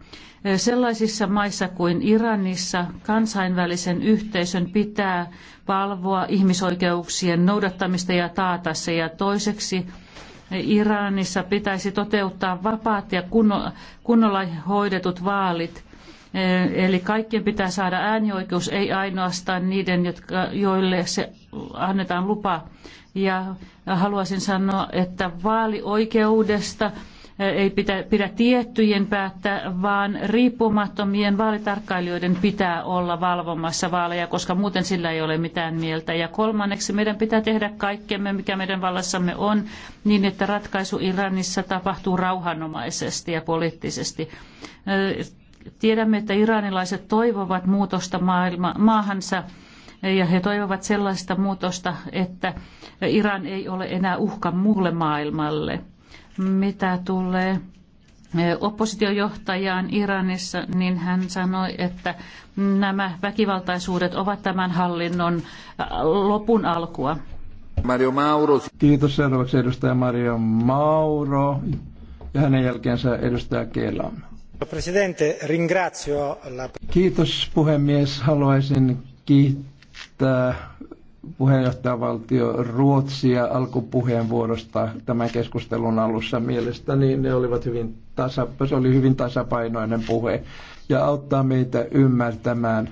Sellaisissa maissa kuin Iranissa kansainvälisen yhteisön pitää valvoa ihmisoikeuksien noudattamista ja taata se. Ja toiseksi Iranissa pitäisi toteuttaa vapaat ja kunnolla hoidetut vaalit. Eh, eli kaikkien pitää saada äänioikeus, ei ainoastaan niiden, jotka, joille se annetaan lupa. Ja haluaisin sanoa, että vaalioikeudesta ei pitä, pidä tiettyjen päättää, vaan riippumattomien vaalitarkkailijoiden pitää olla valvomassa vaaleja, koska muuten sillä ei ole mitään mieltä. Ja kolmanneksi meidän pitää tehdä kaikkemme, mikä meidän vallassamme on, niin että ratkaisu Iranissa tapahtuu rauhanomaisesti ja poliittisesti. Tiedämme, että iranilaiset toivovat muutosta maailma, maahansa ja he toivovat sellaista muutosta, että Iran ei ole enää uhka muulle maailmalle. Mitä tulee eh, oppositiojohtajaan Iranissa, niin hän sanoi, että nämä väkivaltaisuudet ovat tämän hallinnon eh, lopun alkua. Mario Mauro. Kiitos seuraavaksi edustaja Mario Mauro ja hänen jälkeensä edustaja Kelam. Kiitos puhemies. Haluaisin kiittää puheenjohtajavaltio Ruotsia alkupuheenvuorosta tämän keskustelun alussa. Mielestäni ne olivat hyvin tasa, se oli hyvin tasapainoinen puhe ja auttaa meitä ymmärtämään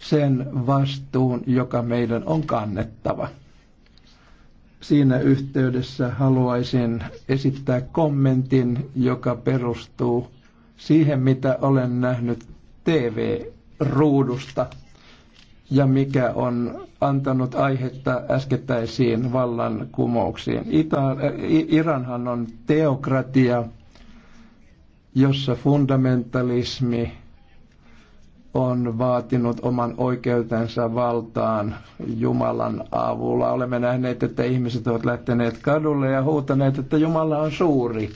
sen vastuun, joka meidän on kannettava. Siinä yhteydessä haluaisin esittää kommentin, joka perustuu siihen, mitä olen nähnyt TV-ruudusta – ja mikä on antanut aihetta äskettäisiin vallankumouksiin. Ita- Iranhan on teokratia, jossa fundamentalismi on vaatinut oman oikeutensa valtaan Jumalan avulla. Olemme nähneet, että ihmiset ovat lähteneet kadulle ja huutaneet, että Jumala on suuri.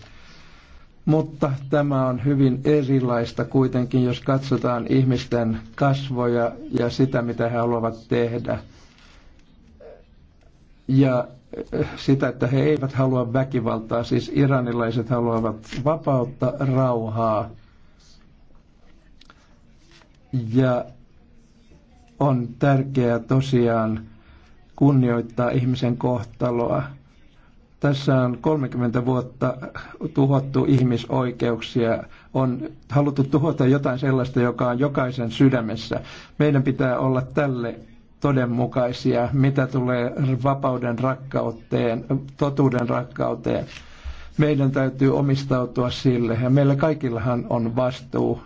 Mutta tämä on hyvin erilaista kuitenkin, jos katsotaan ihmisten kasvoja ja sitä, mitä he haluavat tehdä. Ja äh, sitä, että he eivät halua väkivaltaa, siis iranilaiset haluavat vapautta, rauhaa. Ja on tärkeää tosiaan kunnioittaa ihmisen kohtaloa. Tässä on 30 vuotta tuhottu ihmisoikeuksia, on haluttu tuhota jotain sellaista, joka on jokaisen sydämessä. Meidän pitää olla tälle todenmukaisia, mitä tulee vapauden rakkauteen, totuuden rakkauteen. Meidän täytyy omistautua sille ja meillä kaikillahan on vastuu.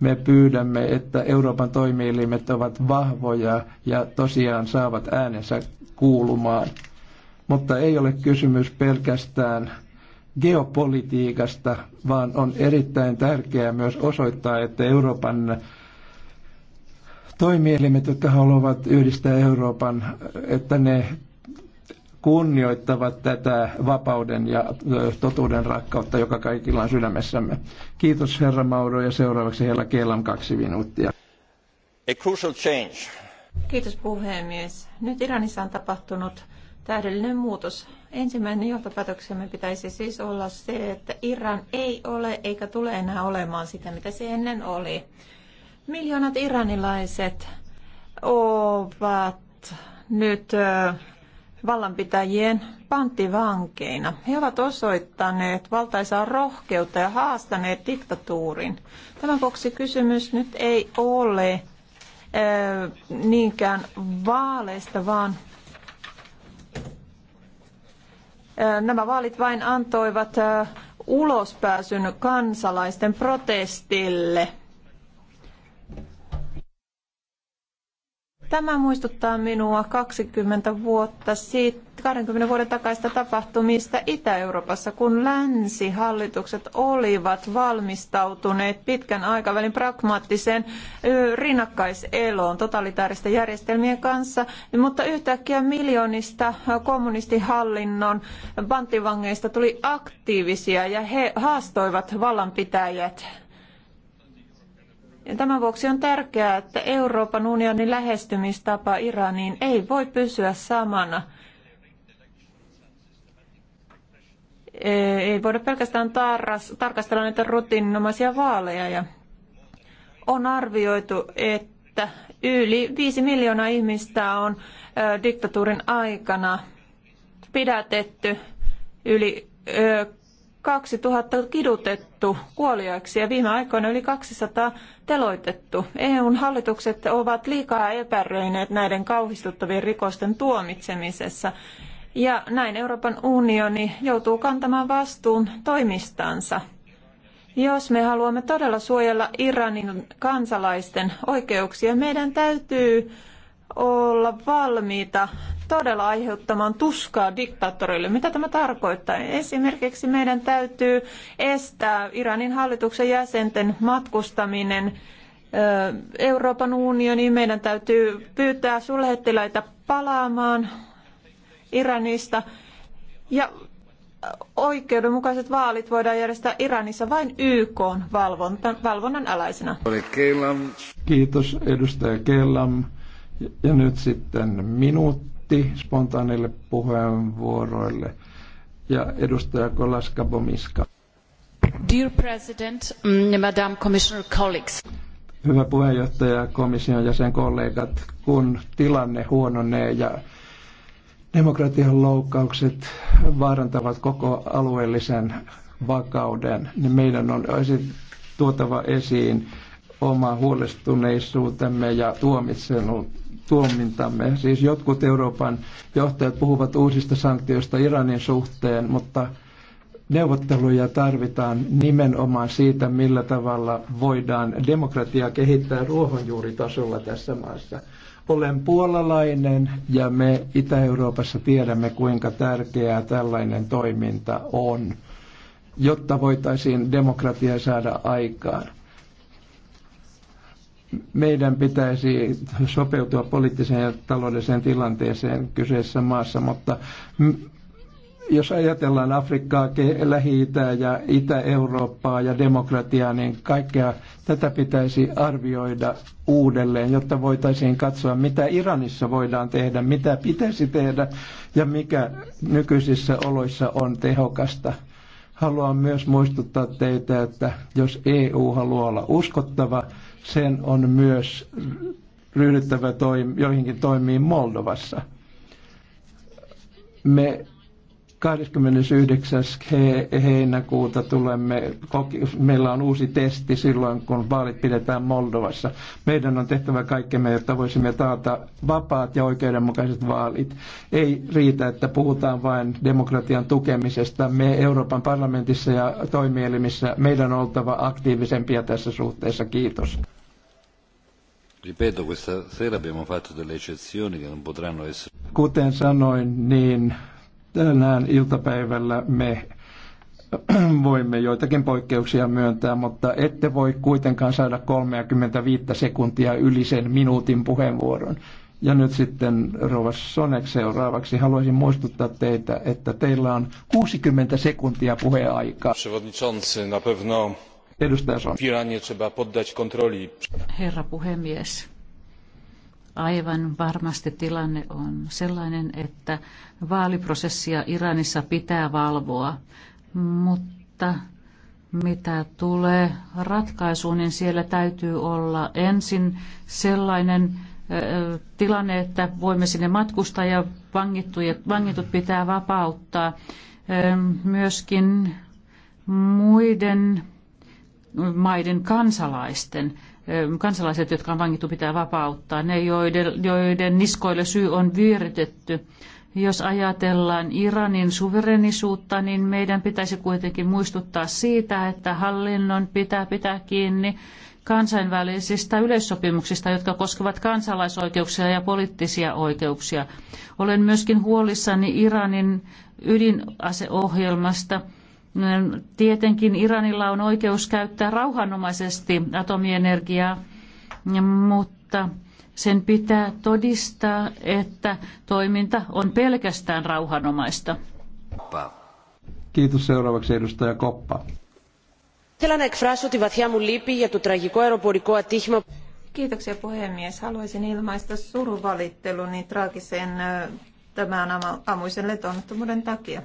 Me pyydämme, että Euroopan toimielimet ovat vahvoja ja tosiaan saavat äänensä kuulumaan mutta ei ole kysymys pelkästään geopolitiikasta, vaan on erittäin tärkeää myös osoittaa, että Euroopan toimielimet, jotka haluavat yhdistää Euroopan, että ne kunnioittavat tätä vapauden ja totuuden rakkautta, joka kaikilla on sydämessämme. Kiitos herra Mauro ja seuraavaksi herra Keelam kaksi minuuttia. A crucial change. Kiitos puhemies. Nyt Iranissa on tapahtunut täydellinen muutos. Ensimmäinen johtopäätöksemme pitäisi siis olla se, että Iran ei ole eikä tule enää olemaan sitä, mitä se ennen oli. Miljoonat iranilaiset ovat nyt vallanpitäjien panttivankeina. He ovat osoittaneet valtaisaa rohkeutta ja haastaneet diktatuurin. Tämän vuoksi kysymys nyt ei ole niinkään vaaleista, vaan Nämä vaalit vain antoivat ulospääsyn kansalaisten protestille. Tämä muistuttaa minua 20 vuotta sitten 20 vuoden takaisista tapahtumista Itä-Euroopassa, kun länsihallitukset olivat valmistautuneet pitkän aikavälin pragmaattiseen rinnakkaiseloon totalitaaristen järjestelmien kanssa, mutta yhtäkkiä miljoonista kommunistihallinnon panttivangeista tuli aktiivisia ja he haastoivat vallanpitäjät ja tämän vuoksi on tärkeää, että Euroopan unionin lähestymistapa Iraniin ei voi pysyä samana. Eh, ei voida pelkästään tarras, tarkastella näitä rutiininomaisia vaaleja. Ja on arvioitu, että yli 5 miljoonaa ihmistä on eh, diktatuurin aikana pidätetty, yli 2000 eh, kidutettu kuoliaiksi ja viime aikoina yli 200 teloitettu. EUn hallitukset ovat liikaa epäröineet näiden kauhistuttavien rikosten tuomitsemisessa. Ja näin Euroopan unioni joutuu kantamaan vastuun toimistansa. Jos me haluamme todella suojella Iranin kansalaisten oikeuksia, meidän täytyy olla valmiita todella aiheuttamaan tuskaa diktaattorille. Mitä tämä tarkoittaa? Esimerkiksi meidän täytyy estää Iranin hallituksen jäsenten matkustaminen Euroopan unioniin. Meidän täytyy pyytää suurlähettiläitä palaamaan Iranista. Ja oikeudenmukaiset vaalit voidaan järjestää Iranissa vain YK valvonta, valvonnan alaisena. Kiitos edustaja Kellam. Ja nyt sitten minuutti spontaanille puheenvuoroille. Ja edustaja Kolaska Bomiska. Dear President, mm, Madam Commissioner colleagues. Hyvä puheenjohtaja, komission jäsenkollegat, kun tilanne huononee ja Demokratian loukkaukset vaarantavat koko alueellisen vakauden, niin meidän on tuotava esiin oma huolestuneisuutemme ja tuomitsenut tuomintamme. Siis jotkut Euroopan johtajat puhuvat uusista sanktioista Iranin suhteen, mutta neuvotteluja tarvitaan nimenomaan siitä, millä tavalla voidaan demokratiaa kehittää ruohonjuuritasolla tässä maassa. Olen puolalainen ja me Itä-Euroopassa tiedämme, kuinka tärkeää tällainen toiminta on, jotta voitaisiin demokratia saada aikaan meidän pitäisi sopeutua poliittiseen ja taloudelliseen tilanteeseen kyseessä maassa, mutta jos ajatellaan Afrikkaa, lähi ja Itä-Eurooppaa ja demokratiaa, niin kaikkea tätä pitäisi arvioida uudelleen, jotta voitaisiin katsoa, mitä Iranissa voidaan tehdä, mitä pitäisi tehdä ja mikä nykyisissä oloissa on tehokasta. Haluan myös muistuttaa teitä, että jos EU haluaa olla uskottava, sen on myös ryhdyttävä toim- joihinkin toimiin Moldovassa. Me 29. heinäkuuta tulemme, meillä on uusi testi silloin, kun vaalit pidetään Moldovassa. Meidän on tehtävä kaikkemme, jotta voisimme taata vapaat ja oikeudenmukaiset vaalit. Ei riitä, että puhutaan vain demokratian tukemisesta. Me Euroopan parlamentissa ja toimielimissä meidän on oltava aktiivisempia tässä suhteessa. Kiitos. Ripeto, questa sera abbiamo fatto delle eccezioni che non potranno essere... Kuten sanoin, niin tänään iltapäivällä me voimme joitakin poikkeuksia myöntää, mutta ette voi kuitenkaan saada 35 sekuntia yli sen minuutin puheenvuoron. Ja nyt sitten Rova Sonek seuraavaksi haluaisin muistuttaa teitä, että teillä on 60 sekuntia puheaikaa. Przewodniczący, na pewno Edustaja Sonek. Herra puhemies, Aivan varmasti tilanne on sellainen, että vaaliprosessia Iranissa pitää valvoa, mutta mitä tulee ratkaisuun, niin siellä täytyy olla ensin sellainen tilanne, että voimme sinne matkustaa ja vangitut pitää vapauttaa. Myöskin muiden maiden kansalaisten kansalaiset, jotka on vangittu, pitää vapauttaa. Ne, joiden, joiden niskoille syy on vyörytetty. Jos ajatellaan Iranin suverenisuutta, niin meidän pitäisi kuitenkin muistuttaa siitä, että hallinnon pitää pitää kiinni kansainvälisistä yleissopimuksista, jotka koskevat kansalaisoikeuksia ja poliittisia oikeuksia. Olen myöskin huolissani Iranin ydinaseohjelmasta – Tietenkin Iranilla on oikeus käyttää rauhanomaisesti atomienergiaa, mutta sen pitää todistaa, että toiminta on pelkästään rauhanomaista. Kiitos seuraavaksi edustaja Koppa. Θέλω να εκφράσω τη βαθιά μου λύπη για το τραγικό αεροπορικό ατύχημα. Kiitoksia puhemies. Haluaisin ilmaista surunvalitteluni traagiseen tämän aamuisen lentonnettomuuden takia.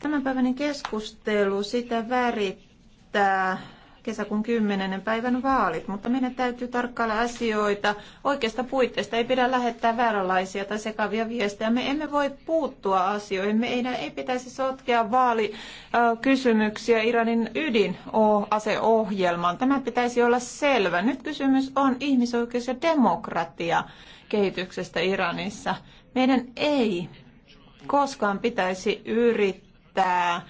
Tämänpäiväinen keskustelu sitä värittää kesäkuun 10. päivän vaalit, mutta meidän täytyy tarkkailla asioita oikeasta puitteista. Ei pidä lähettää vääränlaisia tai sekavia viestejä. Me emme voi puuttua asioihin. Meidän ei pitäisi sotkea vaalikysymyksiä Iranin ydinaseohjelmaan. Tämä pitäisi olla selvä. Nyt kysymys on ihmisoikeus ja demokratia kehityksestä Iranissa. Meidän ei koskaan pitäisi yrittää pitää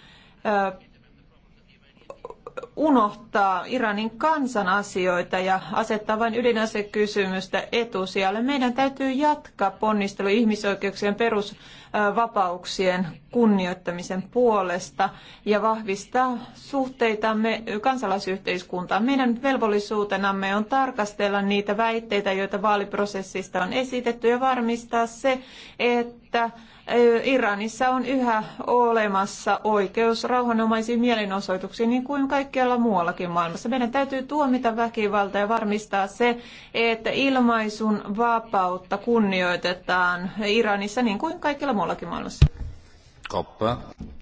unohtaa Iranin kansan asioita ja asettaa vain ydinasekysymystä etusijalle. Meidän täytyy jatkaa ponnistelu ihmisoikeuksien perusvapauksien kunnioittamisen puolesta ja vahvistaa suhteitamme kansalaisyhteiskuntaan. Meidän velvollisuutenamme on tarkastella niitä väitteitä, joita vaaliprosessista on esitetty ja varmistaa se, että Iranissa on yhä olemassa oikeus rauhanomaisiin mielenosoituksiin niin kuin kaikkialla muuallakin maailmassa. Meidän täytyy tuomita väkivalta ja varmistaa se, että ilmaisun vapautta kunnioitetaan Iranissa niin kuin kaikkialla muuallakin maailmassa. Koppa.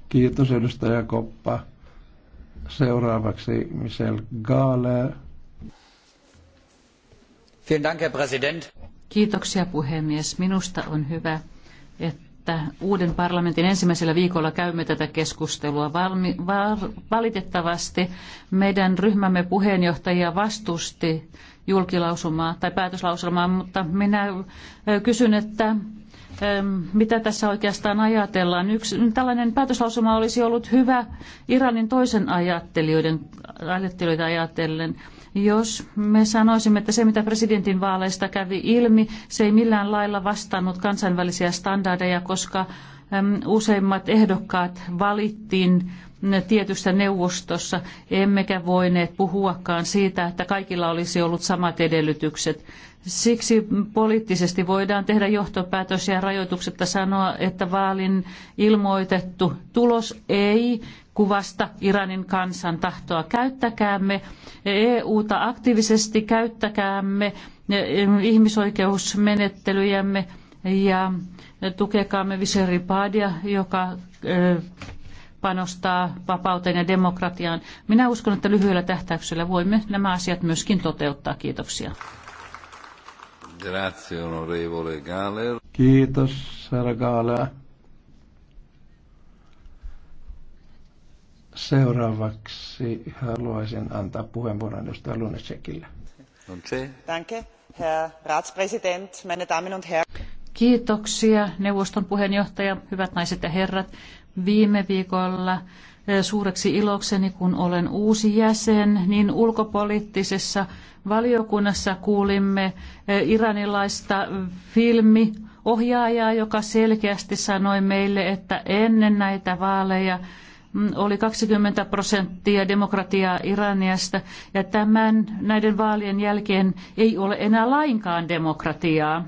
Kiitos edustaja Koppa. Seuraavaksi Michel Gale. Vielen Dank, Herr Kiitoksia puhemies. Minusta on hyvä, että että uuden parlamentin ensimmäisellä viikolla käymme tätä keskustelua. Valmi, valitettavasti meidän ryhmämme puheenjohtaja vastusti julkilausumaa tai päätöslauselmaa, mutta minä kysyn, että mitä tässä oikeastaan ajatellaan. Yksi, tällainen päätöslausuma olisi ollut hyvä Iranin toisen ajattelijoiden, ajattelijoita ajatellen. Jos me sanoisimme, että se mitä presidentin vaaleista kävi ilmi, se ei millään lailla vastannut kansainvälisiä standardeja, koska äm, useimmat ehdokkaat valittiin tietystä neuvostossa, emmekä voineet puhuakaan siitä, että kaikilla olisi ollut samat edellytykset. Siksi poliittisesti voidaan tehdä johtopäätös ja rajoituksetta sanoa, että vaalin ilmoitettu tulos ei kuvasta Iranin kansan tahtoa. Käyttäkäämme EUta aktiivisesti, käyttäkäämme ihmisoikeusmenettelyjämme ja tukekaamme Viseripadia, joka panostaa vapauteen ja demokratiaan. Minä uskon, että lyhyellä tähtäyksellä voimme nämä asiat myöskin toteuttaa. Kiitoksia. Grazie, onorevole Kiitos, herra Galler. Seuraavaksi haluaisin antaa puheenvuoron edustaja Lunacekille. Danke, herr Ratspräsident, meine Damen und Herren. Kiitoksia neuvoston puheenjohtaja, hyvät naiset ja herrat viime viikolla e, suureksi ilokseni, kun olen uusi jäsen, niin ulkopoliittisessa valiokunnassa kuulimme e, iranilaista filmiohjaajaa, joka selkeästi sanoi meille, että ennen näitä vaaleja mm, oli 20 prosenttia demokratiaa Iraniasta ja tämän, näiden vaalien jälkeen ei ole enää lainkaan demokratiaa.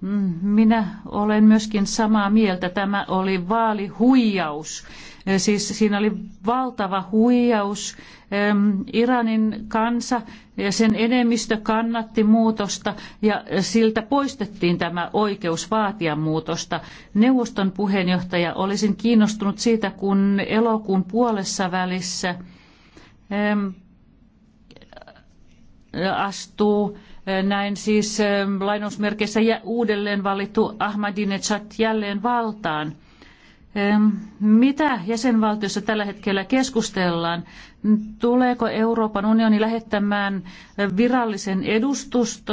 Mm, minä olen myöskin samaa mieltä. Tämä oli vaalihuijaus. Siis siinä oli valtava huijaus. Iranin kansa ja sen enemmistö kannatti muutosta ja siltä poistettiin tämä oikeus vaatia muutosta. Neuvoston puheenjohtaja olisin kiinnostunut siitä, kun elokuun puolessa välissä astuu näin siis lainausmerkeissä uudelleen valittu Ahmadinejad jälleen valtaan. Mitä jäsenvaltiossa tällä hetkellä keskustellaan? Tuleeko Euroopan unioni lähettämään virallisen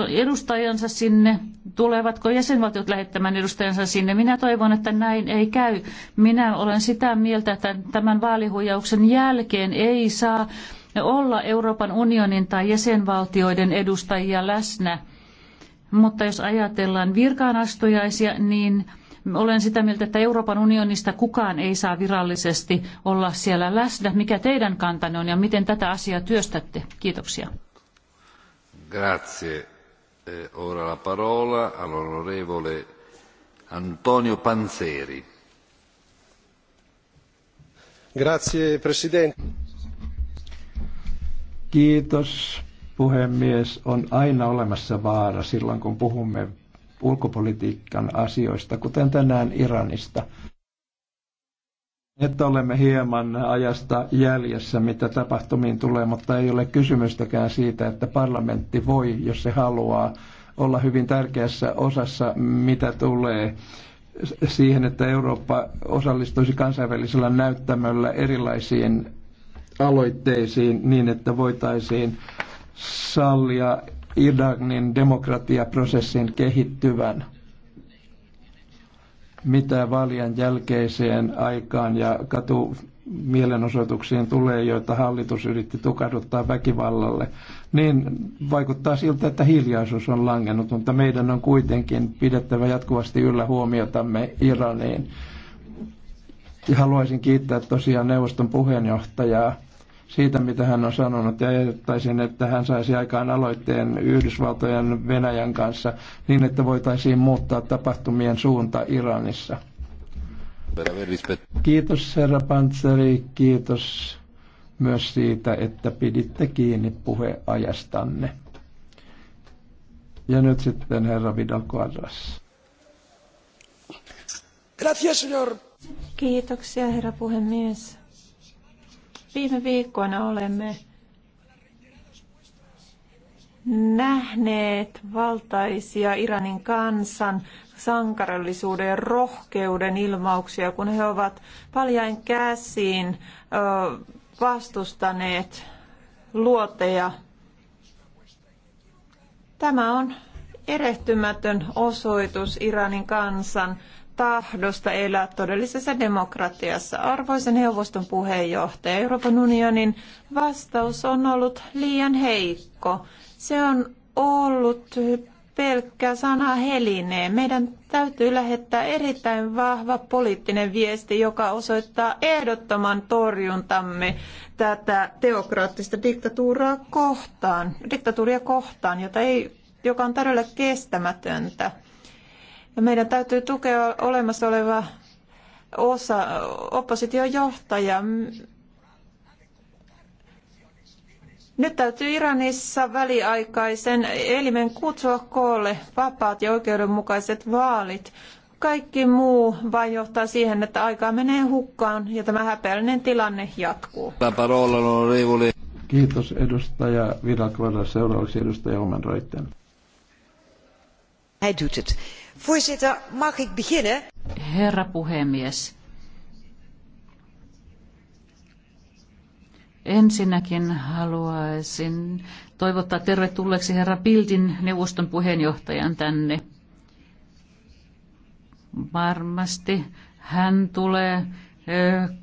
edustajansa sinne? Tulevatko jäsenvaltiot lähettämään edustajansa sinne? Minä toivon, että näin ei käy. Minä olen sitä mieltä, että tämän vaalihuijauksen jälkeen ei saa olla Euroopan unionin tai jäsenvaltioiden edustajia läsnä. Mutta jos ajatellaan virkaanastujaisia, niin olen sitä mieltä, että Euroopan unionista kukaan ei saa virallisesti olla siellä läsnä. Mikä teidän kantanne on ja miten tätä asiaa työstätte? Kiitoksia. Grazie. E, ora la parola all'onorevole Antonio Panzeri. Grazie Presidente. Kiitos puhemies. On aina olemassa vaara silloin, kun puhumme ulkopolitiikan asioista, kuten tänään Iranista. Että olemme hieman ajasta jäljessä, mitä tapahtumiin tulee, mutta ei ole kysymystäkään siitä, että parlamentti voi, jos se haluaa, olla hyvin tärkeässä osassa, mitä tulee siihen, että Eurooppa osallistuisi kansainvälisellä näyttämöllä erilaisiin aloitteisiin niin, että voitaisiin sallia Iranin demokratiaprosessin kehittyvän mitä vaalien jälkeiseen aikaan ja katu mielenosoituksiin tulee, joita hallitus yritti tukahduttaa väkivallalle, niin vaikuttaa siltä, että hiljaisuus on langennut, mutta meidän on kuitenkin pidettävä jatkuvasti yllä huomiotamme Iraniin. Ja haluaisin kiittää tosiaan neuvoston puheenjohtajaa siitä, mitä hän on sanonut, ja ehdottaisin, että hän saisi aikaan aloitteen Yhdysvaltojen Venäjän kanssa niin, että voitaisiin muuttaa tapahtumien suunta Iranissa. Kiitos herra Pantseri, kiitos myös siitä, että piditte kiinni puheajastanne. Ja nyt sitten herra Vidal Quadras. Gracias, señor Kiitoksia, herra puhemies. Viime viikkoina olemme nähneet valtaisia Iranin kansan sankarallisuuden ja rohkeuden ilmauksia, kun he ovat paljain käsiin vastustaneet luoteja. Tämä on erehtymätön osoitus Iranin kansan tahdosta elää todellisessa demokratiassa. Arvoisen neuvoston puheenjohtaja Euroopan unionin vastaus on ollut liian heikko. Se on ollut pelkkä sana helineen. Meidän täytyy lähettää erittäin vahva poliittinen viesti, joka osoittaa ehdottoman torjuntamme tätä teokraattista diktatuuria kohtaan, diktatuuria kohtaan jota ei, joka on todella kestämätöntä. Ja meidän täytyy tukea olemassa oleva osa opposition johtaja. Nyt täytyy Iranissa väliaikaisen elimen kutsua koolle vapaat ja oikeudenmukaiset vaalit. Kaikki muu vain johtaa siihen, että aikaa menee hukkaan ja tämä häpeällinen tilanne jatkuu. Kiitos edustaja Vidal Seuraavaksi edustaja Oman Reitten. Hij doet het. Voorzitter, mag ik beginnen? Herra puhemies. Ensinnäkin haluaisin toivottaa tervetulleeksi herra Bildin neuvoston puheenjohtajan tänne. Varmasti hän tulee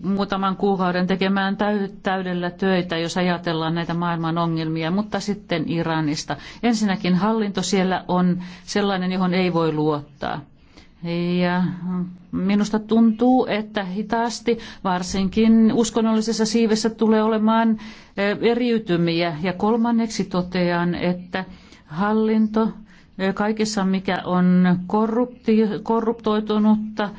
muutaman kuukauden tekemään täydellä töitä, jos ajatellaan näitä maailman ongelmia, mutta sitten Iranista. Ensinnäkin hallinto siellä on sellainen, johon ei voi luottaa. Ja minusta tuntuu, että hitaasti varsinkin uskonnollisessa siivessä tulee olemaan eriytymiä. Ja kolmanneksi totean, että hallinto kaikessa, mikä on korruptoitunutta,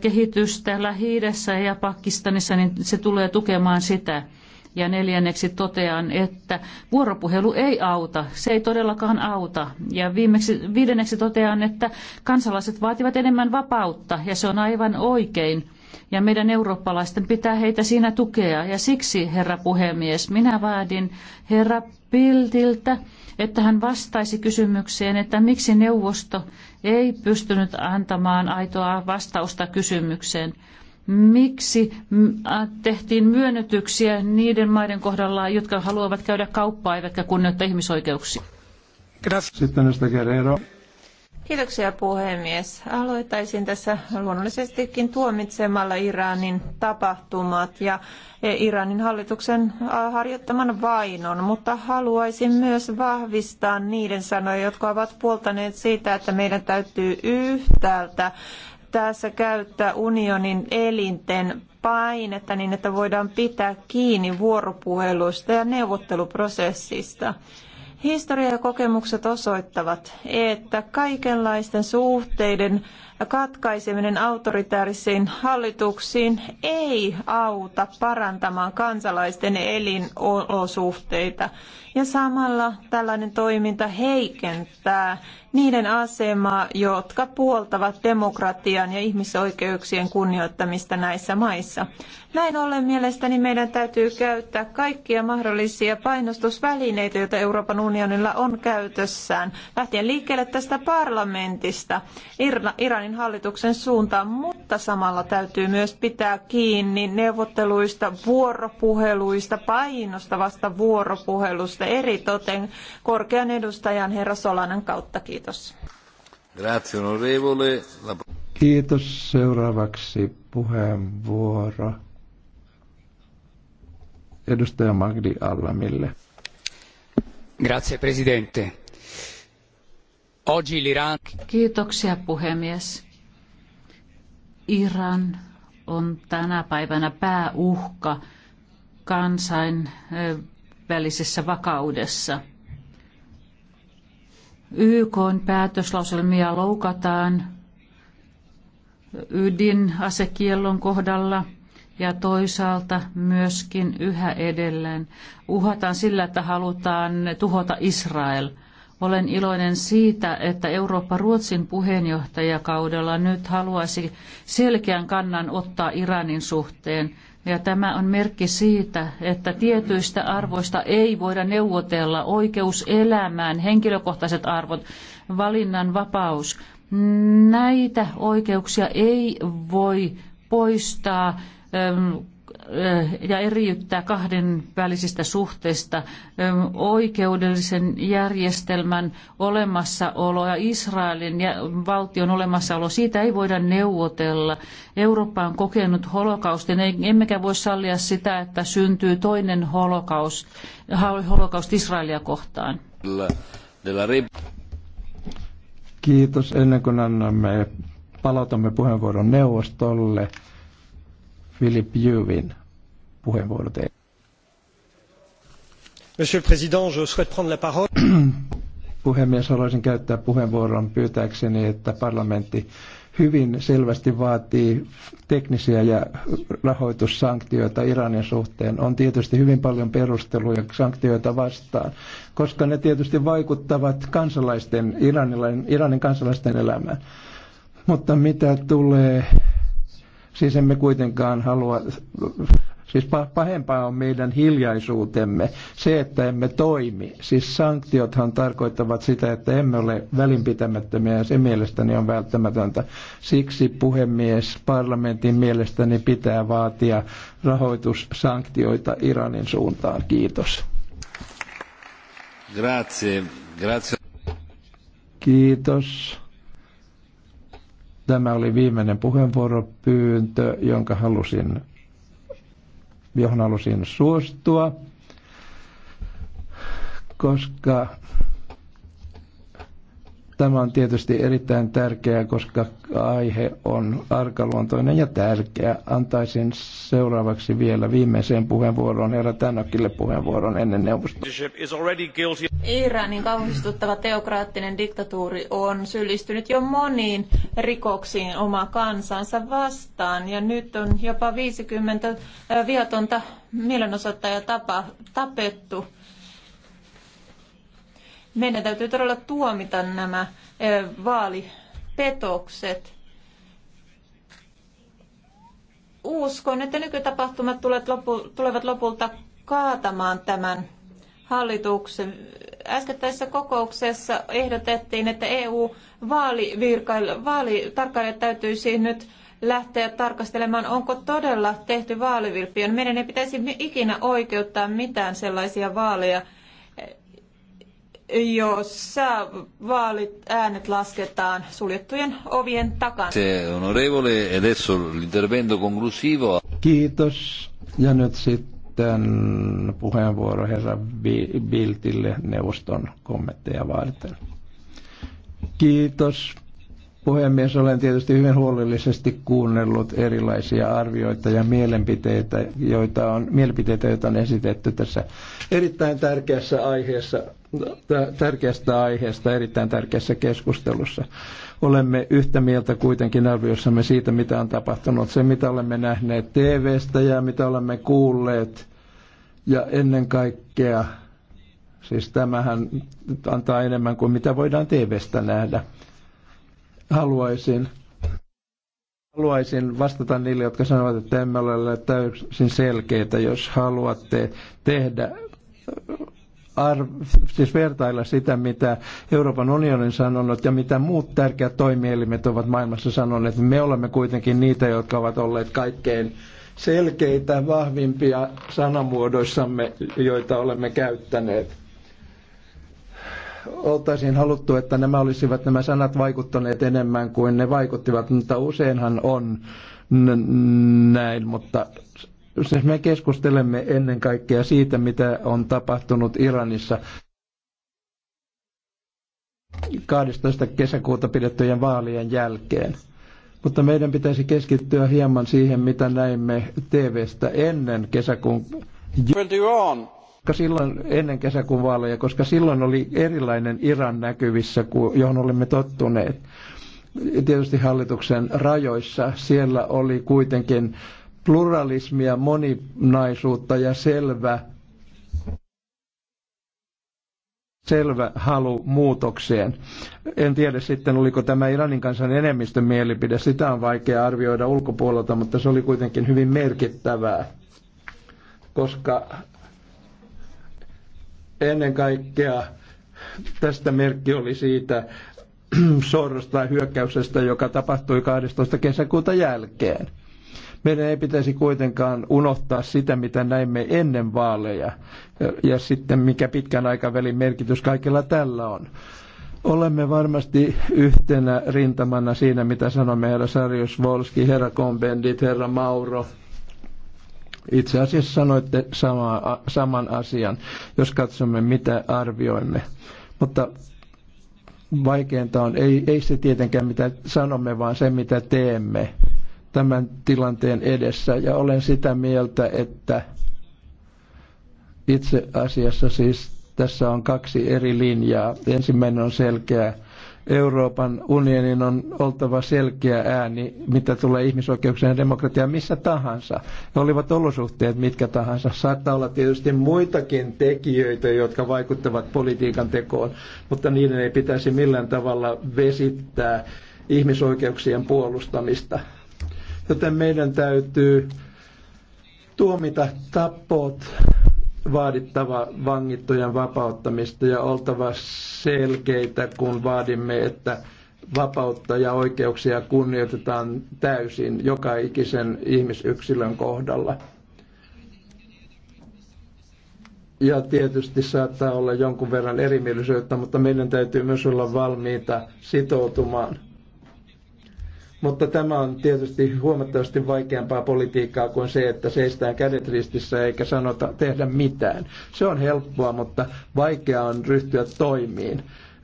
kehitystä Hiidessä ja Pakistanissa, niin se tulee tukemaan sitä. Ja neljänneksi totean, että vuoropuhelu ei auta. Se ei todellakaan auta. Ja viimeksi, viidenneksi totean, että kansalaiset vaativat enemmän vapautta ja se on aivan oikein. Ja meidän eurooppalaisten pitää heitä siinä tukea. Ja siksi, herra puhemies, minä vaadin herra Piltiltä, että hän vastaisi kysymykseen, että miksi neuvosto ei pystynyt antamaan aitoa vastausta kysymykseen, miksi tehtiin myönnytyksiä niiden maiden kohdalla, jotka haluavat käydä kauppaa eivätkä kunnioittaa ihmisoikeuksia. Sitten Guerrero. Kiitoksia puhemies. Aloittaisin tässä luonnollisestikin tuomitsemalla Iranin tapahtumat ja e, Iranin hallituksen harjoittaman vainon, mutta haluaisin myös vahvistaa niiden sanoja, jotka ovat puoltaneet siitä, että meidän täytyy yhtäältä tässä käyttää unionin elinten painetta niin, että voidaan pitää kiinni vuoropuheluista ja neuvotteluprosessista. Historia ja kokemukset osoittavat, että kaikenlaisten suhteiden katkaiseminen autoritäärisiin hallituksiin ei auta parantamaan kansalaisten elinolosuhteita ja samalla tällainen toiminta heikentää niiden asemaa, jotka puoltavat demokratian ja ihmisoikeuksien kunnioittamista näissä maissa. Näin ollen mielestäni meidän täytyy käyttää kaikkia mahdollisia painostusvälineitä, joita Euroopan unionilla on käytössään, lähtien liikkeelle tästä parlamentista Iranin hallituksen suuntaan, mutta samalla täytyy myös pitää kiinni neuvotteluista, vuoropuheluista, painostavasta vuoropuhelusta eri toten korkean edustajan herra Solanan kautta. Kiitos. Kiitos. Seuraavaksi puheenvuoro edustaja Magdi Allamille. Grazie, presidente. Oggi l'Iran... Kiitoksia, puhemies. Iran on tänä päivänä pääuhka kansain välisessä vakaudessa. YK on päätöslauselmia loukataan ydinasekiellon kohdalla ja toisaalta myöskin yhä edelleen uhataan sillä, että halutaan tuhota Israel. Olen iloinen siitä, että Eurooppa-Ruotsin puheenjohtajakaudella nyt haluaisi selkeän kannan ottaa Iranin suhteen. Ja tämä on merkki siitä, että tietyistä arvoista ei voida neuvotella. Oikeus elämään, henkilökohtaiset arvot, valinnan vapaus. Näitä oikeuksia ei voi poistaa ja eriyttää kahden välisistä suhteista oikeudellisen järjestelmän olemassaolo ja Israelin ja valtion olemassaolo. Siitä ei voida neuvotella. Eurooppa on kokenut holokaustin, emmekä voi sallia sitä, että syntyy toinen holokaus, holokaust Israelia kohtaan. Kiitos. Ennen kuin annamme, palautamme puheenvuoron neuvostolle. Philip Juvin puheenvuoro teille. Monsieur le Président, je souhaite prendre la parole. Puhemies, haluaisin käyttää puheenvuoron pyytääkseni, että parlamentti hyvin selvästi vaatii teknisiä ja rahoitussanktioita Iranin suhteen. On tietysti hyvin paljon perusteluja sanktioita vastaan, koska ne tietysti vaikuttavat kansalaisten, Iranin, Iranin kansalaisten elämään. Mutta mitä tulee Siis emme kuitenkaan halua, siis pahempaa on meidän hiljaisuutemme, se, että emme toimi. Siis sanktiothan tarkoittavat sitä, että emme ole välinpitämättömiä ja se mielestäni on välttämätöntä. Siksi puhemies parlamentin mielestäni pitää vaatia rahoitussanktioita Iranin suuntaan. Kiitos. Grazie. Grazie. Kiitos. Tämä oli viimeinen puheenvuoropyyntö, jonka halusin, johon halusin suostua, koska Tämä on tietysti erittäin tärkeää, koska aihe on arkaluontoinen ja tärkeä. Antaisin seuraavaksi vielä viimeiseen puheenvuoroon herra Tänokille puheenvuoron ennen neuvostoa. Iranin kauhistuttava teokraattinen diktatuuri on syyllistynyt jo moniin rikoksiin omaa kansansa vastaan ja nyt on jopa 50 viatonta mielenosoittajaa tapettu. Meidän täytyy todella tuomita nämä vaalipetokset. Uskon, että nykytapahtumat tulevat lopulta kaatamaan tämän hallituksen. Äskettäisessä kokouksessa ehdotettiin, että EU-vaalitarkkailijat täytyisi nyt lähteä tarkastelemaan, onko todella tehty vaalivilppiön. Meidän ei pitäisi ikinä oikeuttaa mitään sellaisia vaaleja, jossa vaalit äänet lasketaan suljettujen ovien takana. Se onorevole, e adesso l'intervento conclusivo. Kiitos. Ja nyt sitten puheenvuoro herra Biltille neuvoston kommentteja varten. Kiitos puhemies, olen tietysti hyvin huolellisesti kuunnellut erilaisia arvioita ja mielipiteitä, joita on, mielipiteitä, joita on esitetty tässä erittäin tärkeässä aiheessa, tärkeästä aiheesta, erittäin tärkeässä keskustelussa. Olemme yhtä mieltä kuitenkin arviossamme siitä, mitä on tapahtunut. Se, mitä olemme nähneet TVstä ja mitä olemme kuulleet ja ennen kaikkea, siis tämähän antaa enemmän kuin mitä voidaan TVstä nähdä haluaisin, haluaisin vastata niille, jotka sanovat, että emme ole täysin selkeitä, jos haluatte tehdä arv, siis vertailla sitä, mitä Euroopan unionin sanonut ja mitä muut tärkeät toimielimet ovat maailmassa sanoneet. Me olemme kuitenkin niitä, jotka ovat olleet kaikkein selkeitä, vahvimpia sanamuodoissamme, joita olemme käyttäneet oltaisiin haluttu, että nämä olisivat nämä sanat vaikuttaneet enemmän kuin ne vaikuttivat, mutta useinhan on näin, mutta siis me keskustelemme ennen kaikkea siitä, mitä on tapahtunut Iranissa. 12. kesäkuuta pidettyjen vaalien jälkeen. Mutta meidän pitäisi keskittyä hieman siihen, mitä näimme TVstä ennen kesäkuun. Iran koska silloin ennen kesäkuun vaaleja, koska silloin oli erilainen Iran näkyvissä, johon olemme tottuneet. Tietysti hallituksen rajoissa siellä oli kuitenkin pluralismia, moninaisuutta ja selvä, selvä halu muutokseen. En tiedä sitten, oliko tämä Iranin kansan enemmistön mielipide, sitä on vaikea arvioida ulkopuolelta, mutta se oli kuitenkin hyvin merkittävää koska ennen kaikkea tästä merkki oli siitä sorrosta ja hyökkäyksestä, joka tapahtui 12. kesäkuuta jälkeen. Meidän ei pitäisi kuitenkaan unohtaa sitä, mitä näimme ennen vaaleja ja sitten mikä pitkän aikavälin merkitys kaikilla tällä on. Olemme varmasti yhtenä rintamana siinä, mitä sanomme herra Sarjus Volski, herra Kombendit, herra Mauro, itse asiassa sanoitte sama, saman asian, jos katsomme mitä arvioimme. Mutta vaikeinta on, ei, ei se tietenkään mitä sanomme, vaan se mitä teemme tämän tilanteen edessä. Ja olen sitä mieltä, että itse asiassa siis tässä on kaksi eri linjaa. Ensimmäinen on selkeä Euroopan unionin on oltava selkeä ääni, mitä tulee ihmisoikeuksien ja demokratiaan missä tahansa. Olivat olosuhteet mitkä tahansa. Saattaa olla tietysti muitakin tekijöitä, jotka vaikuttavat politiikan tekoon, mutta niiden ei pitäisi millään tavalla vesittää ihmisoikeuksien puolustamista. Joten meidän täytyy tuomita tappot vaadittava vangittujen vapauttamista ja oltava selkeitä, kun vaadimme, että vapautta ja oikeuksia kunnioitetaan täysin joka ikisen ihmisyksilön kohdalla. Ja tietysti saattaa olla jonkun verran erimielisyyttä, mutta meidän täytyy myös olla valmiita sitoutumaan mutta tämä on tietysti huomattavasti vaikeampaa politiikkaa kuin se, että seistään kädet ristissä eikä sanota tehdä mitään. Se on helppoa, mutta vaikea on ryhtyä toimiin.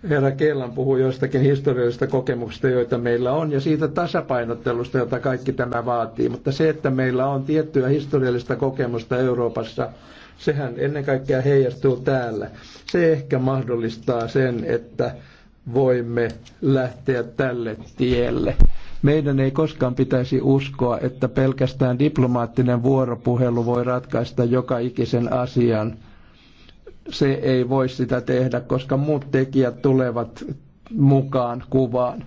Herra Kellan puhuu joistakin historiallisista kokemuksista, joita meillä on, ja siitä tasapainottelusta, jota kaikki tämä vaatii. Mutta se, että meillä on tiettyä historiallista kokemusta Euroopassa, sehän ennen kaikkea heijastuu täällä. Se ehkä mahdollistaa sen, että voimme lähteä tälle tielle. Meidän ei koskaan pitäisi uskoa, että pelkästään diplomaattinen vuoropuhelu voi ratkaista joka ikisen asian. Se ei voi sitä tehdä, koska muut tekijät tulevat mukaan kuvaan.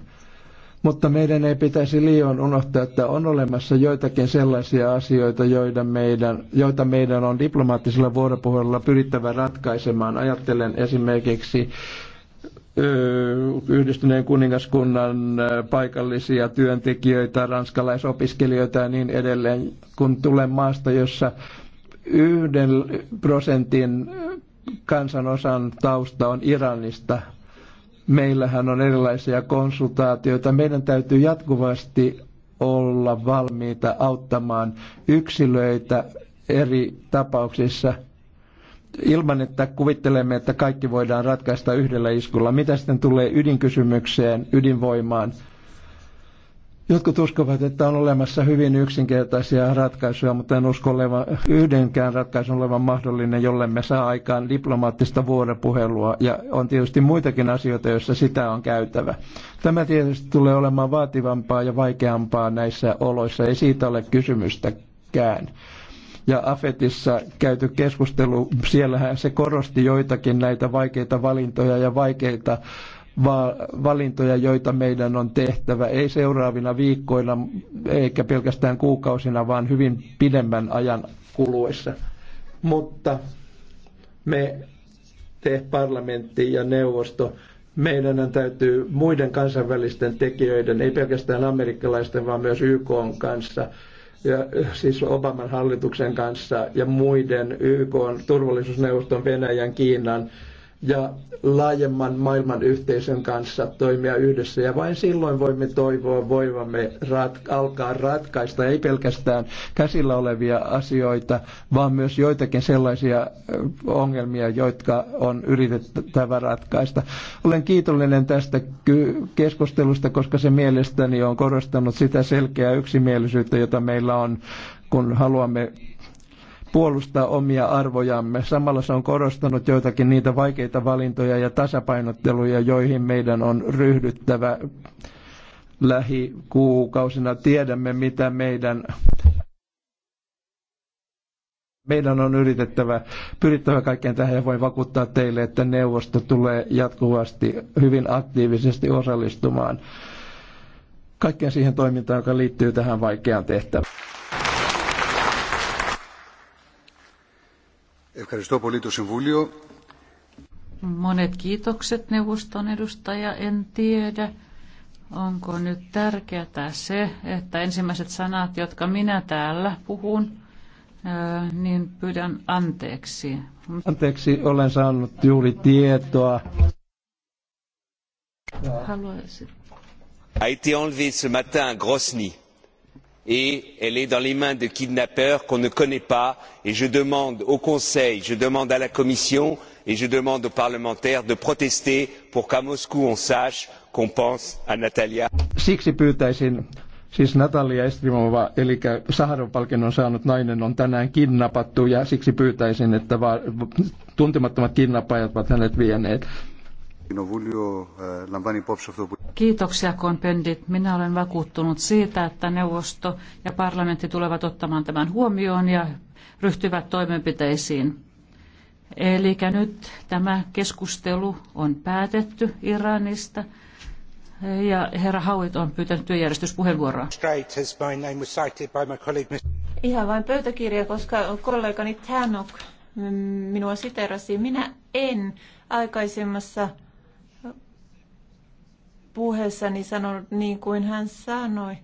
Mutta meidän ei pitäisi liian unohtaa, että on olemassa joitakin sellaisia asioita, joita meidän, joita meidän on diplomaattisella vuoropuhelulla pyrittävä ratkaisemaan. Ajattelen esimerkiksi yhdistyneen kuningaskunnan paikallisia työntekijöitä, ranskalaisopiskelijoita ja niin edelleen, kun tulee maasta, jossa yhden prosentin kansanosan tausta on Iranista. Meillähän on erilaisia konsultaatioita. Meidän täytyy jatkuvasti olla valmiita auttamaan yksilöitä eri tapauksissa – ilman, että kuvittelemme, että kaikki voidaan ratkaista yhdellä iskulla. Mitä sitten tulee ydinkysymykseen, ydinvoimaan? Jotkut uskovat, että on olemassa hyvin yksinkertaisia ratkaisuja, mutta en usko olevan yhdenkään ratkaisun olevan mahdollinen, jolle me saa aikaan diplomaattista vuoropuhelua. Ja on tietysti muitakin asioita, joissa sitä on käytävä. Tämä tietysti tulee olemaan vaativampaa ja vaikeampaa näissä oloissa, ei siitä ole kysymystäkään ja Afetissa käyty keskustelu, siellähän se korosti joitakin näitä vaikeita valintoja ja vaikeita valintoja, joita meidän on tehtävä, ei seuraavina viikkoina eikä pelkästään kuukausina, vaan hyvin pidemmän ajan kuluessa. Mutta me, te parlamentti ja neuvosto, meidän täytyy muiden kansainvälisten tekijöiden, ei pelkästään amerikkalaisten, vaan myös YK kanssa, ja, siis Obaman hallituksen kanssa ja muiden YK turvallisuusneuvoston Venäjän, Kiinan ja laajemman maailman yhteisön kanssa toimia yhdessä. Ja vain silloin voimme toivoa voivamme rat- alkaa ratkaista ei pelkästään käsillä olevia asioita, vaan myös joitakin sellaisia ongelmia, jotka on yritettävä ratkaista. Olen kiitollinen tästä keskustelusta, koska se mielestäni on korostanut sitä selkeää yksimielisyyttä, jota meillä on, kun haluamme puolustaa omia arvojamme. Samalla se on korostanut joitakin niitä vaikeita valintoja ja tasapainotteluja, joihin meidän on ryhdyttävä lähikuukausina. Tiedämme, mitä meidän meidän on yritettävä, pyrittävä kaikkeen tähän ja voin vakuuttaa teille, että neuvosto tulee jatkuvasti hyvin aktiivisesti osallistumaan kaikkeen siihen toimintaan, joka liittyy tähän vaikeaan tehtävään. Ευχαριστώ πολύ το Συμβούλιο. Monet kiitokset neuvoston edustaja. En tiedä, onko nyt tärkeää se, että ensimmäiset sanat, jotka minä täällä puhun, niin pyydän anteeksi. Anteeksi, olen saanut juuri tietoa. Haluaisin. A été enlevé ce matin à Grosny et elle est dans les mains de kidnappeurs qu'on ne connaît pas et je demande au conseil je demande à la commission et je demande aux parlementaires de protester pour qu'à moscou on sache qu'on pense à natalia. siksi pyytäisin Siis Natalia Estrimova, eli Saharon palkinnon saanut nainen, on tänään kidnappattu ja siksi pyytäisin, että va- tuntemattomat kidnappajat ovat hänet vieneet. Kiitoksia, konpendit. Minä olen vakuuttunut siitä, että neuvosto ja parlamentti tulevat ottamaan tämän huomioon ja ryhtyvät toimenpiteisiin. Eli nyt tämä keskustelu on päätetty Iranista. Ja herra Hauit on pyytänyt työjärjestyspuheenvuoroa. Ihan vain pöytäkirja, koska kollegani Tanok minua siterasi. Minä en aikaisemmassa puheessani sanonut niin kuin hän sanoi.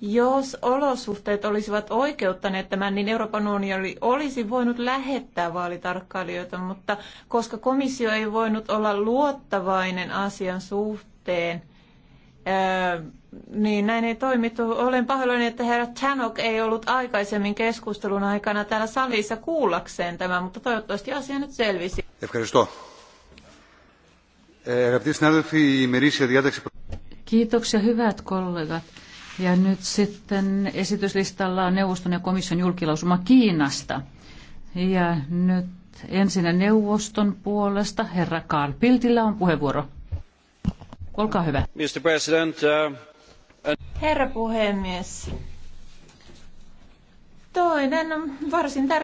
Jos olosuhteet olisivat oikeuttaneet tämän, niin Euroopan unioni olisi voinut lähettää vaalitarkkailijoita, mutta koska komissio ei voinut olla luottavainen asian suhteen, niin näin ei toimittu. Olen pahoillani, että herra Tanok ei ollut aikaisemmin keskustelun aikana täällä salissa kuullakseen tämän, mutta toivottavasti asia nyt selvisi. Kiitos. Kiitoksia hyvät kollegat. Ja nyt sitten esityslistalla on neuvoston ja komission julkilausuma Kiinasta. Ja nyt ensinnä neuvoston puolesta herra Karl Piltillä on puheenvuoro. Olkaa hyvä. Mr. President, uh, and... Herra puhemies, toinen varsin tärkeä